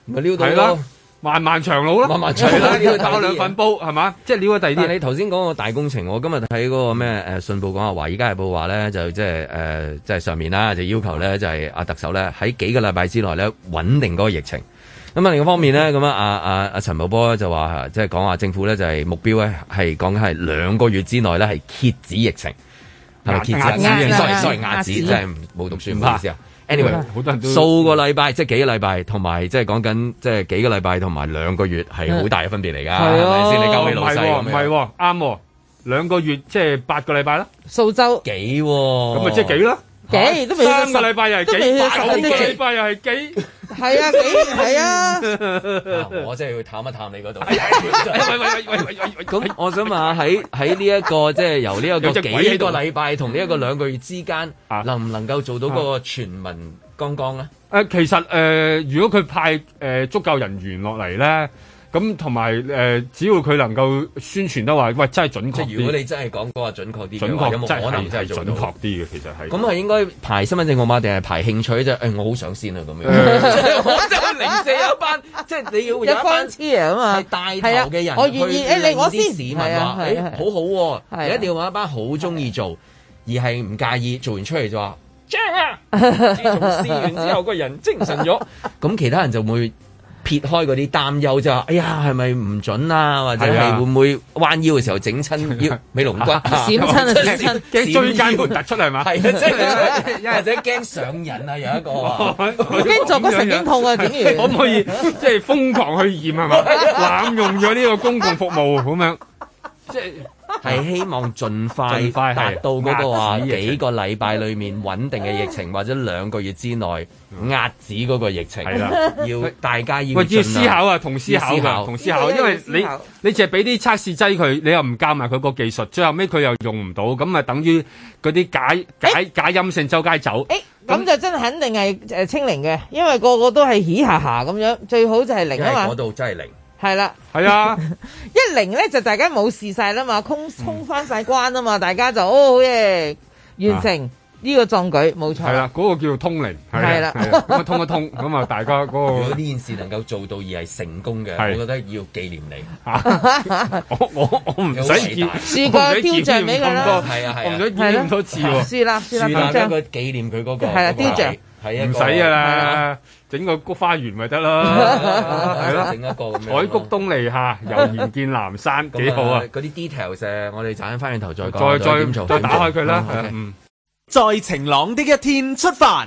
撩到漫漫長路咯。漫漫長路啦，呢度打兩份煲係嘛？即係撩個第二。你頭先講個大工程，我今日睇嗰個咩誒、呃、信報講話，華爾街報話咧就即係誒即係上面啦，就要求咧就係、是、阿特首咧喺幾個禮拜之內咧穩定嗰個疫情。咁啊，另一個方面咧，咁啊，啊阿阿陳茂波咧就話，即係講話政府咧就係目標咧係講緊係兩個月之內咧係遏止疫情，係咪遏止？sorry sorry，牙係冇讀書，唔好意思啊。anyway，好多人都數個禮拜，即係幾個禮拜，同埋即係講緊即係幾個禮拜，同埋兩個月係好大嘅分別嚟噶，先？你交俾老細唔係，唔係啱，兩個月即係八個禮拜啦，數周幾咁咪，即係幾囉？幾都未，三個禮拜又係幾，九個禮拜又係幾，係啊幾，係啊。我真係要探一探你嗰度。喂喂喂喂喂，咁我想問下喺喺呢一個即係、就是、由呢一個幾個禮拜同呢一個兩個月之間，能唔能夠做到嗰個全民剛剛咧？誒、啊啊，其實誒、呃，如果佢派誒、呃、足夠人員落嚟咧。咁同埋誒，只要佢能夠宣傳得話，喂，真係準確啲。即係如果你真係講嗰個準確啲，有冇可能真係準確啲嘅？其實係。咁係應該排身份證號碼定係排興趣啫？誒，我好想先啊咁樣。我就零舍一班，即係你要一班黐人啊嘛，帶頭嘅人。我願意嚟我先。市民話：誒，好好，你一定要搵一班好中意做，而係唔介意做完出嚟就話，jump 啊！從試完之後，個人精神咗，咁其他人就會。撇開嗰啲擔憂，就話：哎呀，係咪唔準啊？或者係會唔會彎腰嘅時候整親腰、尾龍骨、的閃親啊、脊椎間盤突出係嘛？係啊，即係或者驚上癮啊，有一個啊，驚坐骨神經痛啊，竟然可唔可以即係瘋狂去驗係嘛？濫用咗呢個公共服務咁樣即係。係希望盡快達到嗰個話幾個禮拜裏面穩定嘅疫情，或者兩個月之內壓止嗰個疫情。係啦，要大家要要思考啊，同思考，同思考。因為你你淨係俾啲測試劑佢，你又唔教埋佢個技術，最後尾佢又用唔到，咁咪等於嗰啲假假假陰性周街走。誒，咁就真係肯定係誒清零嘅，因為個個都係嘻下下咁樣，最好就係零啊，嗰度真係零。係啦，係啊，一零咧就大家冇事晒啦嘛，空沖翻晒關啦嘛，大家就哦好嘢，完成呢個壯舉，冇錯。係啦，嗰個叫做通靈，係啦，咁啊通一通，咁啊大家嗰個。如果呢件事能夠做到而係成功嘅，我覺得要紀念你。我我我唔使，試過雕像俾佢啦。係啊係我唔想見咁多次喎。係啦，做一個紀念佢嗰個。係啊，雕像，係啊，唔使噶啦。整個菊花園咪得啦，係咯，整一個咁樣。海谷東籬下，悠然見南山，幾好啊！嗰啲 detail 啫，我哋揀翻轉頭再講，再再再打開佢啦。嗯，在晴朗的一天出發。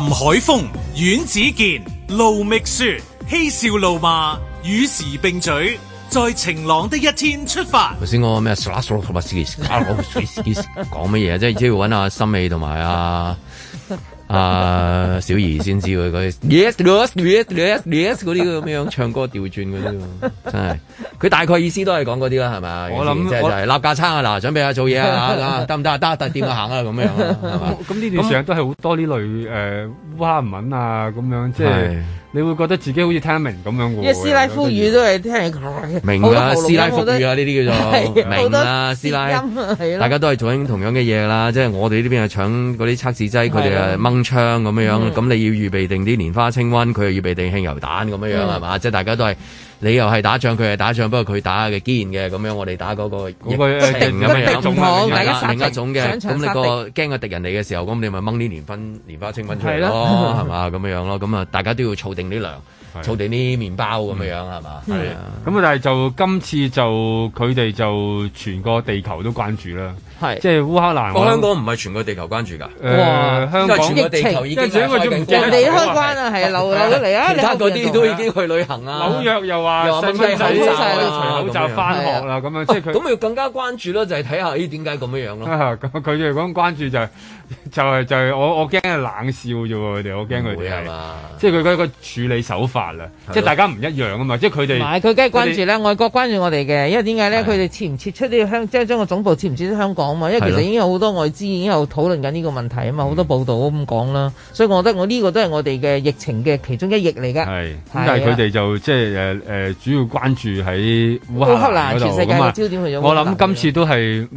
林海峰、阮子健、盧覓雪，嬉笑怒罵，與時並舉，在晴朗的一天出發。頭先嗰個咩？講乜嘢？即係即要揾阿心美同埋啊。啊， uh, 小儀先知佢嗰啲 y e s l o s y e s y e s y e s 嗰啲咁樣唱歌調轉嗰啲， 真係佢大概意思都係講嗰啲啦，係咪？我諗就係立架撐啊，嗱，準備下做嘢啊，得唔得啊？得、 啊，得點啊行啊？咁、啊啊啊、 樣咁呢段時間都係好多呢類誒烏鴉文啊，咁樣即係。就是你會覺得自己好似聽得明咁樣嘅，一斯拉夫語都係聽明嘅。明啦，斯拉夫語啊，呢啲叫做明啦，師奶。大家都係做緊同樣嘅嘢啦，即係我哋呢邊係搶嗰啲測試劑，佢哋係掹槍咁樣，咁你要預備定啲蓮花清瘟，佢又預備定汽油彈咁樣，係嘛？即係大家都係。你又係打仗，佢係打仗，不過佢打嘅堅嘅咁樣，我，我哋打嗰個一定咁樣咯，同樣另一種嘅，咁你嗰個驚個敵人嚟嘅時候，咁你咪掹啲蓮花蓮花清瘟出嚟咯，係嘛？咁樣咯，咁啊，大家都要儲定啲糧。草地啲麵包咁樣樣係嘛？係啊，咁但係就今次就佢哋就全個地球都關注啦。係，即係烏克蘭。我香港唔係全個地球關注㗎。哇！香港疫情，因為因為因為開關啊，係嚟啊。其他嗰啲都已經去旅行啊。紐約又話，又話唔戴口罩，翻學啦。咁樣即係佢。咁咪要更加關注咯，就係睇下咦點解咁樣樣咯。佢哋咁關注就。 就係、是、就係、是、我我驚係冷笑啫喎，佢哋我驚佢哋即係佢嗰個處理手法啦，的即係大家唔一樣啊嘛，即係佢哋唔係佢梗係關注咧，們外國關注我哋嘅，因為點解咧？佢哋撤唔撤出呢香，即係將個總部撤唔撤出香港啊嘛？因為其實已經有好多外資已經有討論緊呢個問題啊嘛，好多報道都咁講啦。嗯、所以我覺得我呢個都係我哋嘅疫情嘅其中一役嚟噶。係的，的但係佢哋就即係誒誒，主要關注喺烏克蘭嗰度。全世界嘅焦點去咗。我諗今次都係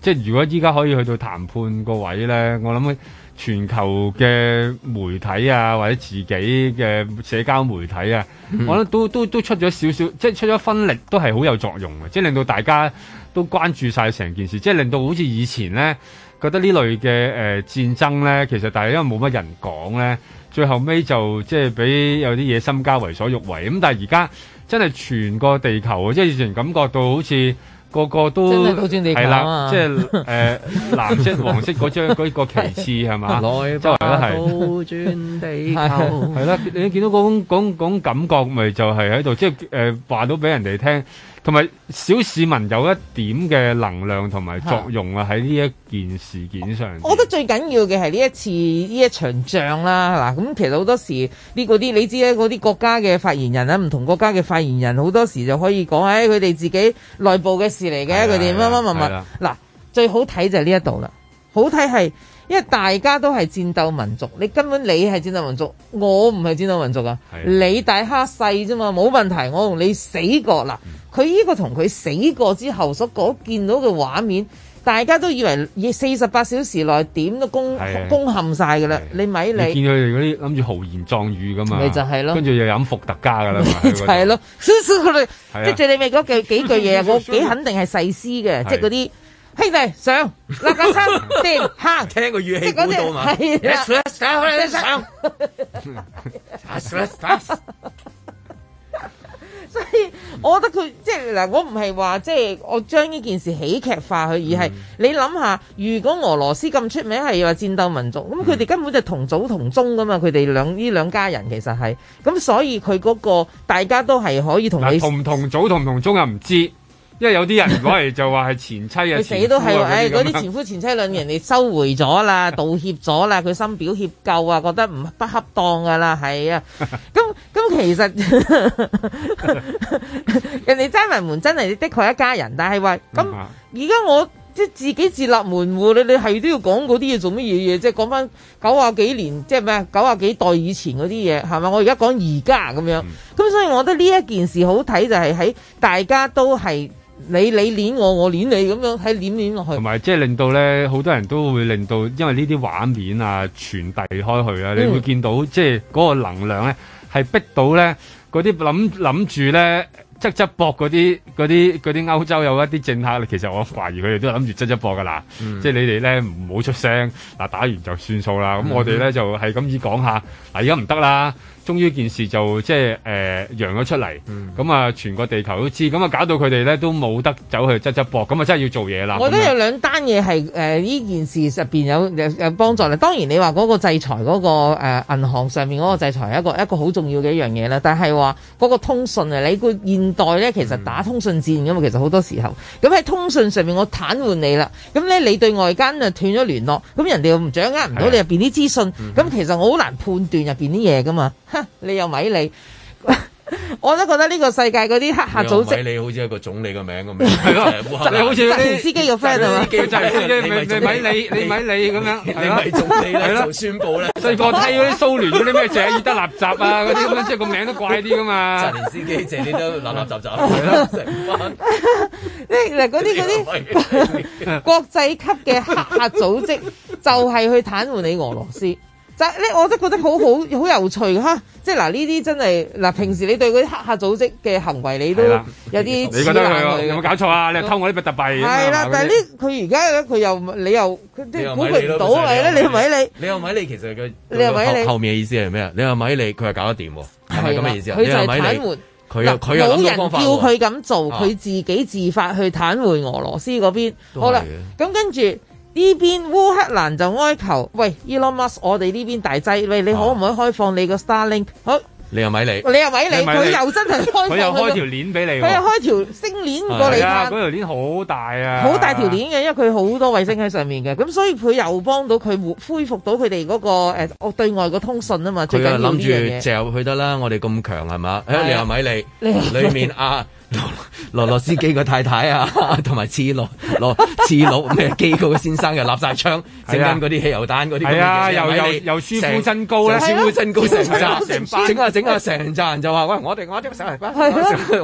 即係如果依家可以去到談判個位咧。我諗全球嘅媒體啊，或者自己嘅社交媒體啊，嗯、我覺得都都都出咗少少，即係出咗分力，都係好有作用嘅，即係令到大家都關注晒成件事，即係令到好似以前咧，覺得呢類嘅誒、呃、戰爭咧，其實大約因為冇乜人講咧，最後尾就即係俾有啲野心家為所欲為。咁但係而家真係全個地球，即係以前感覺到好似。個個都係啦，即係誒藍色、黃色嗰張嗰 個旗幟係嘛？周圍 都係。轉地球係啦， 你見到嗰、嗰、種、個嗰個嗰個、感覺，咪就係喺度，即係誒話到俾人哋聽。同埋小市民有一點嘅能量同埋作用啊，喺呢一件事件上，啊。我覺得最緊要嘅係呢一次呢一場仗啦，嗱，咁其實好多時呢嗰啲你知咧，嗰啲國家嘅發言人啊，唔同國家嘅發言人好多時就可以講，誒佢哋自己內部嘅事嚟嘅，佢哋乜乜乜乜，嗱、啊啊啊啊啊、最好睇就係呢一度啦，好睇係。因為大家都係戰鬥民族，你根本你係戰鬥民族，我唔係戰鬥民族啊！是的 你大蝦細啫嘛，冇問題。我同你死過啦，佢呢是的 個同佢死過之後所嗰見到嘅畫面，大家都以為以四十八小時內點都攻攻陷晒噶啦。的你咪你見佢哋嗰啲諗住豪言壯語㗎嘛？咪就係咯，跟住又飲伏特加噶啦，係咯是裡，即係你咪嗰幾句嘢是的，我幾肯定係誓師嘅，即係嗰啲。兄弟上，嗱架車掂吓，聽個語氣估到嘛？Yes，let's yes，yes，let's go。所以我覺得佢即係嗱，我唔係話即係我將呢件事喜劇化去，而係、嗯、你諗下，如果俄羅斯咁出名係話戰鬥民族，咁佢哋根本就同祖同宗㗎嘛，佢哋兩呢兩家人其實係，咁所以佢嗰、嗰個大家都係可以同，同，同唔同祖同唔同宗又唔知。因為有啲人攞嚟就話係前妻啊，前啊，佢 死都係誒嗰啲前夫前妻，兩人你收回咗啦，道歉咗啦，佢 深表歉疚啊，覺得唔不恰當噶啦，係啊，咁咁其實人哋齋埋門真係的確一家人，但係話咁而家我即係自己自立門戶，你你係都要講嗰啲嘢做乜嘢嘢？即係講翻九啊幾年，即係咩九啊幾代以前嗰啲嘢係咪？我而家講而家咁樣，咁、嗯、所以我覺得呢一件事好睇就係喺大家都係。你你捏我我捏你咁樣喺捏捏落去，同埋即係令到咧好多人都會令到，因為呢啲畫面啊傳遞開去啊、嗯、你會見到即係嗰個能量咧係逼到咧嗰啲諗諗住咧側側膊嗰啲嗰啲嗰啲歐洲有一啲政客，其實我懷疑佢哋都諗住側側膊噶啦，嗯、即係你哋咧唔好出聲，嗱打完就算數啦。咁、嗯、我哋咧就係咁以講下，嗱而家唔得啦。終於件事就即係誒揚咗出嚟，咁啊、嗯、全個地球都知，咁啊搞到佢哋咧都冇得走去執執搏，咁啊真係要做嘢啦。我都有兩單嘢係誒呢件事入邊、呃、有有幫助啦。當然你話嗰個制裁嗰、嗰個誒銀、呃、行上面嗰個制裁係一個、嗯、一個好重要嘅一樣嘢啦。但係話嗰個通訊啊，你個現代咧其實打通訊戰噶嘛，其實好多時候咁喺通訊上面我癱瘓你啦。咁咧你對外間就斷咗聯絡，咁人哋又掌握唔到你入邊啲資訊，咁、嗯、其實我好難判斷入邊啲嘢噶嘛。你又咪你，我都覺得呢個世界嗰啲黑客組織，你好似一個總理個名咁樣，你好似雜聯司機個 friend，司機你咪你，你咪你咁樣，你咪總理啦，就宣布啦。所以我睇嗰啲蘇聯嗰啲咩謝爾德納集啊嗰啲，咁樣即係個名都怪啲噶嘛。雜聯司機謝爾德納集集係啦，成班啲嗱嗰啲嗰啲國際級嘅黑客組織，就係去袒護你俄羅斯。就呢，我都覺得好好好有趣吓，即係嗱呢啲真係嗱，平時你對嗰啲黑客組織嘅行為，你都有啲，你覺得佢有冇搞錯啊？你又偷我啲特幣，係啦，但係呢，佢而家佢又你又佢都估佢唔到係咧，你咪你，你又咪你，其實佢你咪你，後面嘅意思係咩啊？你又咪你，佢係搞得掂喎，係咪咁嘅意思？佢就癱瘓，佢又佢冇人叫佢咁做，佢自己自發去癱瘓俄羅斯嗰邊。好啦，咁跟住。呢邊烏克蘭就哀求，喂，Elon Musk，我哋呢邊大劑，喂，你可唔可以開放你個 Starlink？好、啊，你又咪你，你又咪你，佢又真係開佢，又開條鏈俾你，哦，佢又開條星鏈過嚟。係啊，嗰條鏈好大啊，好大條鏈嘅，因為佢好多衛星喺上面嘅，咁所以佢又幫到佢恢復到佢哋嗰個誒、呃，對外個通訊啊嘛。佢又諗住嚼佢得啦，我哋咁強係嘛？誒，啊、你又咪你，裏 面阿。啊羅羅斯基個太太啊，同埋次佬，羅次佬咩機嗰先生又立晒槍，整緊嗰啲汽油彈嗰啲，係啊又又又舒富增高咧，舒富增高成紮成班，整下整下成扎人就話喂，我哋我成班，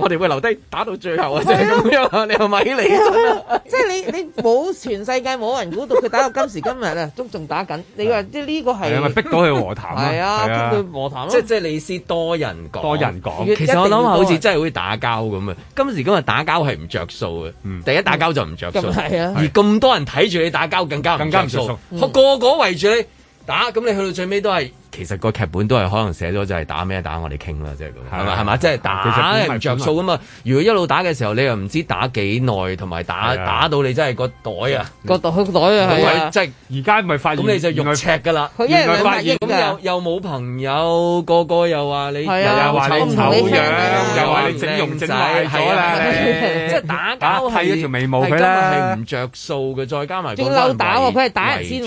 我哋會留低打到最後啊，即係咁樣你又咪嚟即係你你冇全世界冇人估到佢打到今時今日啊，都仲打緊，你話即係呢個係，咪逼到去和談啊？係啊，和談咯，即即係利斯多人講，多人講，其實我諗好似真係會打交咁今時今日打交係唔着數嘅，第一打交就唔着數，嗯、而咁多人睇住你打交更加唔着數，數嗯、個個圍住你打，咁你去到最尾都係。其實個劇本都係可能寫咗就係打咩打，我哋傾啦，即係咁。係嘛，係嘛，即係打係唔着數噶嘛。如果一路打嘅時候，你又唔知打幾耐，同埋打打到你真係個袋啊，個袋個袋啊係啊。即係而家唔係發現咁你就肉赤噶啦。佢因為兩百億啊，又又冇朋友，個個又話你，又話你醜樣，又話你整容整壞咗啦。即係打交係一條眉毛佢啦，係唔着數嘅，再加埋打。佢係打先喎，係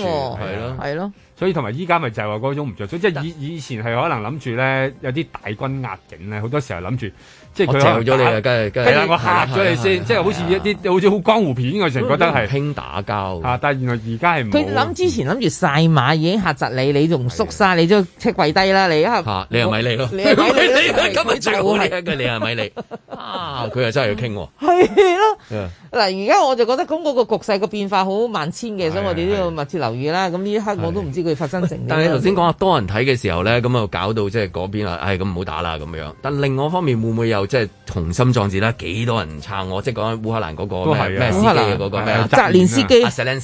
咯，係咯。所以同埋依家咪就係話嗰種唔著數，即係以以，以前係可能諗住咧，有啲大軍壓境咧，好多時候諗住。即係佢嚇咗你啊，梗係梗係我嚇咗你先，即係好似一啲好似好江湖片我成日覺得係傾打交嚇，但係原來而家係佢諗之前諗住晒馬已經嚇窒你，你仲縮晒，你即刻跪低啦，你嚇嚇，你又咪你咯？你你係今日最老係，你係咪你佢又真係要傾喎，係咯。嗱，而家我就覺得咁嗰個局勢個變化好萬千嘅，所以我哋都要密切留意啦。咁呢一刻我都唔知佢發生成。但係你頭先講話多人睇嘅時候咧，咁啊搞到即係嗰邊啊，唉，咁唔好打啦咁樣。但另外方面會唔會有？即係雄心壯志啦！幾多人撐我？即係講緊烏克蘭嗰個咩咩司機啊？嗰、嗰個咩？澤連斯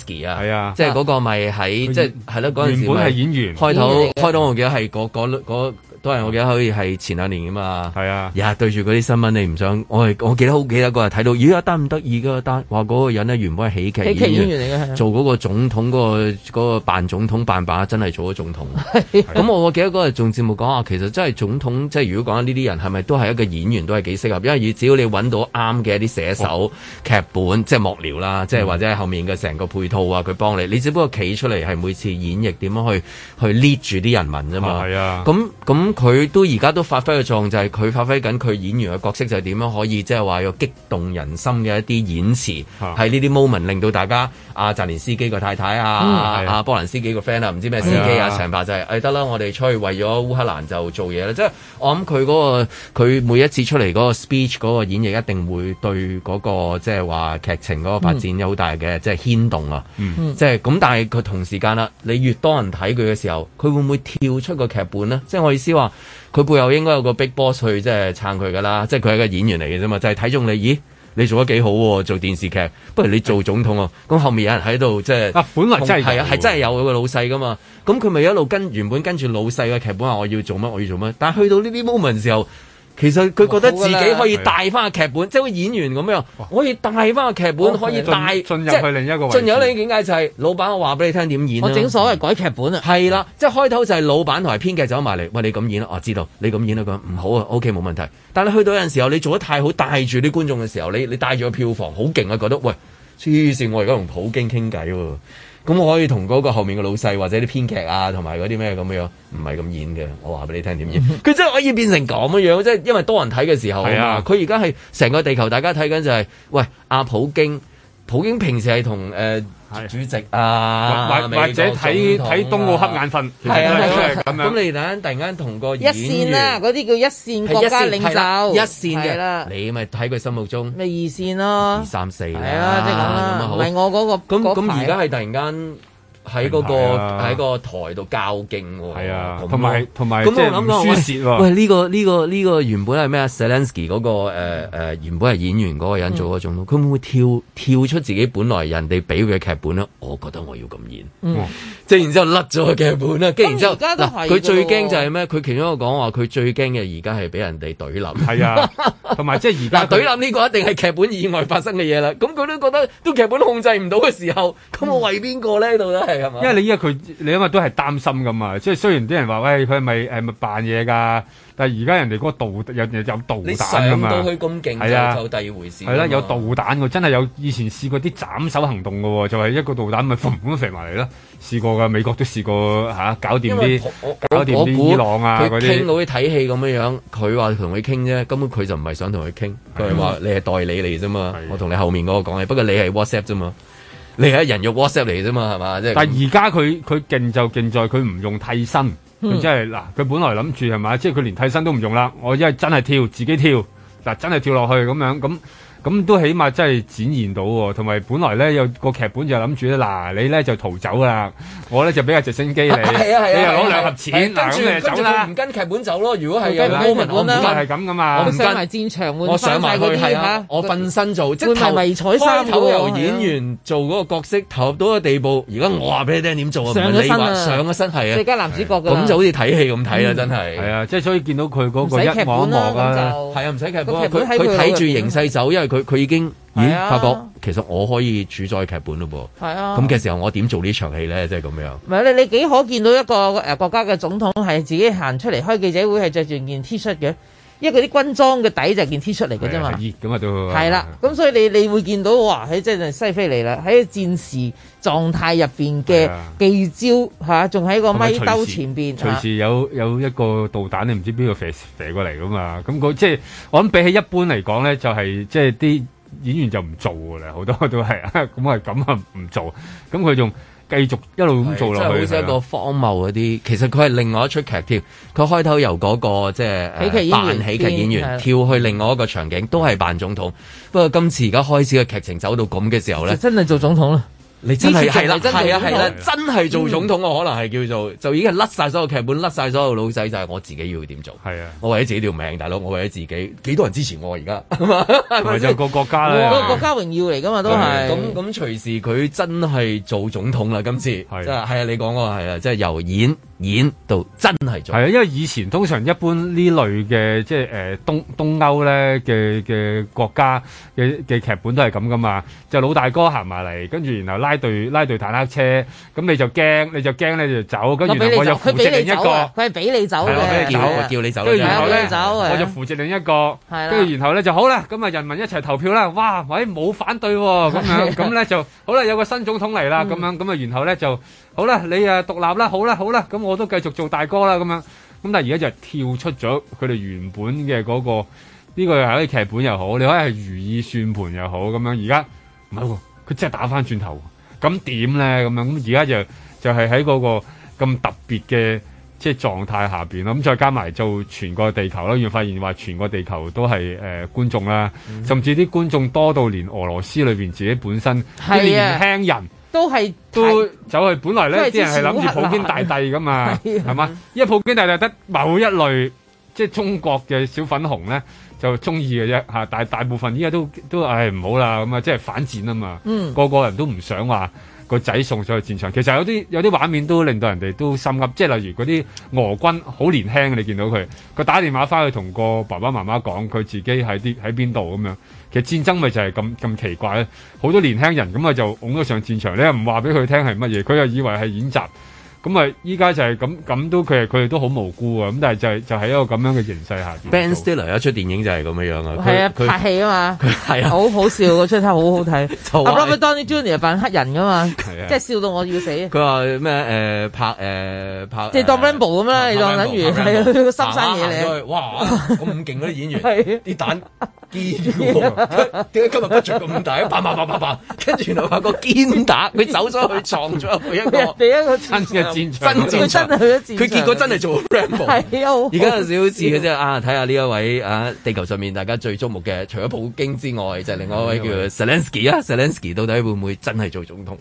基啊，即係嗰個咪喺他即係係咯，嗰陣時本來係演員開頭開頭，我記得係嗰嗰嗰。都係我記得可以係前兩年噶嘛，係啊，日日對住嗰啲新聞，你唔想我係我記得好、啊啊、記得嗰日睇到，咦有單唔得意噶單，話嗰個人呢，原本係喜劇演員，喜劇演員、啊、做嗰個總統嗰、嗰個嗰扮總統扮扮，真係做咗總統。咁、啊、我記得嗰日仲節目講話、啊，其實真係總統，即係如果講呢啲人係咪都係一個演員都係幾適合，因為只要你揾到啱嘅一啲寫手、哦、劇本，即係幕僚啦，即係或者係後面嘅成個配套啊，佢幫你，嗯、你只不過企出嚟係每次演繹點樣去去 lead 住啲人民啫嘛。係啊，咁咁。佢都而家都發揮嘅作用就係佢發揮緊佢演員嘅角色，就係點樣可以即係話有激動人心嘅一啲演詞，喺呢啲 moment 令到大家阿澤、啊、連斯基個太太啊，阿波蘭斯基個 friend 啊，唔知咩司機啊，成發就係誒得啦，我哋出去為咗烏克蘭就做嘢啦！即、就、係、是、我諗佢、嗰個佢每一次出嚟嗰 speech 嗰演繹一定會對嗰即係話劇情嗰發展、mm. 有好大嘅即係牽動啊！即係咁，但係佢同時間啦、啊，你越多人睇佢嘅時候，佢會唔會跳出個劇本咧？即、就、係、是、我意思話。佢背後應該有個 big boss 去即係撐佢噶啦，即係佢係個演員嚟嘅啫嘛，就係睇中你，咦？你做得幾好喎？做電視劇，不如你做總統啊！咁係後面有人喺度即係，啊，本來真係係啊，係真係有佢個老細噶嘛，咁佢咪一路跟原本跟住老細嘅劇本話我要做乜我要做乜，但係去到呢啲 moment 時候。其實佢覺得自己可以帶翻個劇本，即係個演員咁樣，可以帶翻個劇本，哇可以帶進入去另一個位進入你嘅境界，就係老闆我話俾你聽點演、啊、我整所謂改劇本啊，係啦的，即係、嗯、開頭就係老闆同埋編劇走埋嚟，喂你咁演啦、啊，我、啊、知道你咁演啦、啊，佢唔好啊，OK 冇問題。但係去到有時候，你做得太好，帶住啲觀眾嘅時候，你你帶住個票房好勁啊，覺得喂黐線，我而家同普京傾偈喎。咁我可以同嗰個後面嘅老細或者啲編劇啊，同埋嗰啲咩咁樣，唔係咁演嘅。我話俾你聽點演，佢真係可以變成咁樣，即係因為多人睇嘅時候啊。佢而家係成個地球，大家睇緊就係、係、喂，阿普京。普京平時係同誒主席啊，或或者睇睇東奧黑眼瞓，係啊，係咁樣。咁你突然間突然間同個一線啦，嗰啲叫一線國家領袖，一線嘅，你咪喺佢心目中咩二線咯，二三四係啊，咁啊好，唔係我嗰個咁咁而家係突然間。喺嗰個喺個台度較勁，係啊，同埋同埋咁我諗啊，啊喂呢、這個呢、這個呢、這個原本係咩啊？澤連斯，斯基嗰、那個誒誒、呃呃、原本係演員嗰個人做嗰種，佢會唔會跳跳出自己本來人哋俾佢嘅劇本呢，我覺得我要咁演，即係、嗯、然之後甩咗個劇本啦，跟住然之後佢最驚就係咩？佢其中一個講話，佢最驚嘅而家係俾人哋懟冧，係、嗯、啊，同埋即係而家懟冧呢個一定係劇本意外發生嘅嘢啦。咁佢都覺得都劇本控制唔到嘅時候，咁我為呢邊個咧喺度因為你依家佢你因為都係擔心噶嘛，即係雖然啲人話喂佢係咪誒咪扮嘢㗎，但係而家人哋嗰個導有有導彈㗎嘛。你想到佢咁勁，就第二回事。係啦，有導彈㗎，真係有。以前試過啲斬首行動㗎喎，就係一個導彈咪嘭咁飛埋嚟啦。試過㗎，美國都試過搞掂啲搞掂啲伊朗啊嗰啲。佢傾到啲睇戲咁樣，佢話同佢傾啫，根本佢就唔係想同佢傾。佢話你係代理嚟啫嘛，我同你後面嗰個講嘢，不過你係 WhatsApp 啫嘛。你係人肉 WhatsApp 嚟啫嘛，係嘛？即係，但係而家佢佢勁就勁在佢唔用替身，即係嗱，佢本來諗住係嘛，即係佢連替身都唔用啦。我一係真係跳，自己跳嗱，真係跳落去咁樣咁。咁都起碼真係展現到喎，同埋本來咧有個劇本就諗住咧，嗱你咧就逃走啦，我咧就俾架直升機你，你又攞兩盒錢，走啦。唔跟劇本走咯，如果係有冇劇本係咁噶嘛，我跟埋戰場，我上埋去我分身做，即係迷彩衫，開頭由演員做嗰個角色，投入到個地步。而家我話俾你聽點做啊？上咗身上咗身係啊，而家男主角咁，就好似睇戲咁睇啦，真係。係啊，即係所以見到佢嗰個一模一樣係啊，唔使劇本，佢睇住形勢走，因為。佢佢已經咦發覺、啊、其實我可以主宰劇本嘞噃，係啊，咁嘅時候我點做呢場戲咧？即係咁樣。唔係你你幾可見到一個誒國家嘅總統係自己行出嚟開記者會係着住件 T 恤嘅？因為嗰啲軍裝嘅底就係件 T 恤嚟嘅啫嘛，熱咁啊都係啦，咁、啊啊、所以你你會見到哇，喺即係西非嚟啦，喺戰狀態、啊、時狀態入面嘅記招吓仲喺個咪兜前面。隨時有有一個導彈你唔知邊個射射過嚟噶嘛，咁、那、佢、個，即係我諗比起一般嚟講咧，就係、是、即係啲演員就唔做噶啦，好多都係咁係咁啊唔做，咁佢仲。繼續一路咁做落去，好似一個荒謬嗰啲。是的其實佢係另外一出劇添，佢的開頭由嗰、嗰個即係、呃、喜劇演員，扮喜劇演員跳去另外一個場景，都係扮總統。的不過今次而家開始嘅劇情走到咁嘅時候咧，真係做總統啦。你真係啦，真係啊，係啦，真係做總統，我可能係叫做就已經係甩晒所有劇本，甩晒所有老細，就係我自己要點做。係啊，我為咗自己條命，大佬，我為咗自己。幾多人支持我而家？唔係就個國家啦，個國家榮耀嚟㗎嘛，都係。咁咁，隨時佢真係做總統啦，今次即係，係啊，你講㗎係啊，即係由演演到真係做。係啊，因為以前通常一般呢類嘅即係誒東東歐咧嘅嘅國家嘅嘅劇本都係咁㗎嘛，就老大哥行埋嚟，跟住然後拉。拉隊拉隊坦克車，咁你就驚，你就驚咧就走，跟住我就負責另一個，佢係俾你走嘅。然後我叫你走，跟住然後咧我就負責另一個，跟住然後咧就好啦，咁啊，人民一齊投票啦，哇，喂，冇反對喎，咁樣咁咧就好啦，有個新總統嚟啦，咁樣咁啊然後咧就好啦，你啊獨立啦，好啦好啦，咁我都繼續做大哥啦，咁樣咁但係而家就跳出咗佢哋原本嘅嗰個呢個係可以劇本又好，你可以係如意算盤又好，咁樣而家唔係喎，佢真係打返轉頭。咁點咧？咁咁而家就就係喺嗰個咁特別嘅即係狀態下面，咯。咁再加埋做全個地球啦，要發發現話全個地球都係誒觀眾啦，嗯、甚至啲觀眾多到連俄羅斯裏面自己本身啲年輕人都係都走是去，是本來咧啲人係諗住普京大帝噶嘛，係嘛、啊？因為普京大帝得某一類即係中國嘅小粉紅咧。就中意嘅啫嚇，但係大部分依家都都唉唔好啦咁啊，即係反戰啊嘛。嗯、個個人都唔想話個仔送上去戰場。其實有啲有啲畫面都令到人哋都心急，即係例如嗰啲俄軍好年輕，你見到佢佢打電話翻去同個爸爸媽媽講佢自己喺啲喺邊度咁樣。其實戰爭咪就係咁咁奇怪，好多年輕人咁啊就㧬咗上戰場，你又唔話俾佢聽係乜嘢，佢又以為係演習。咁咪依家就係咁咁都佢哋佢哋都好無辜啊！咁但係就係就係一個咁樣嘅形勢下。Ben Stiller 一出電影就係咁樣樣啊！係啊，佢拍戲啊嘛，係啊，好好笑嗰出真係好好睇。阿 Robert Downey Jr. 扮黑人噶嘛，即係笑到我要死。佢話咩誒拍誒拍即係當 Rambo 咁啦，你當等如係深山嘢嚟。哇！咁咁勁嗰啲演員啲蛋。堅點解今日出咁大？啪跟住原來個堅打佢走咗去創咗一個第一個新嘅戰場，佢真去佢結果真係做咗 brand 而家有少少似嘅啫啊！睇下呢一位啊，地球上面大家最矚目嘅，除咗普京之外，就係、另外一位叫 Selensky 啊，Selensky 到底會唔會真係做總統？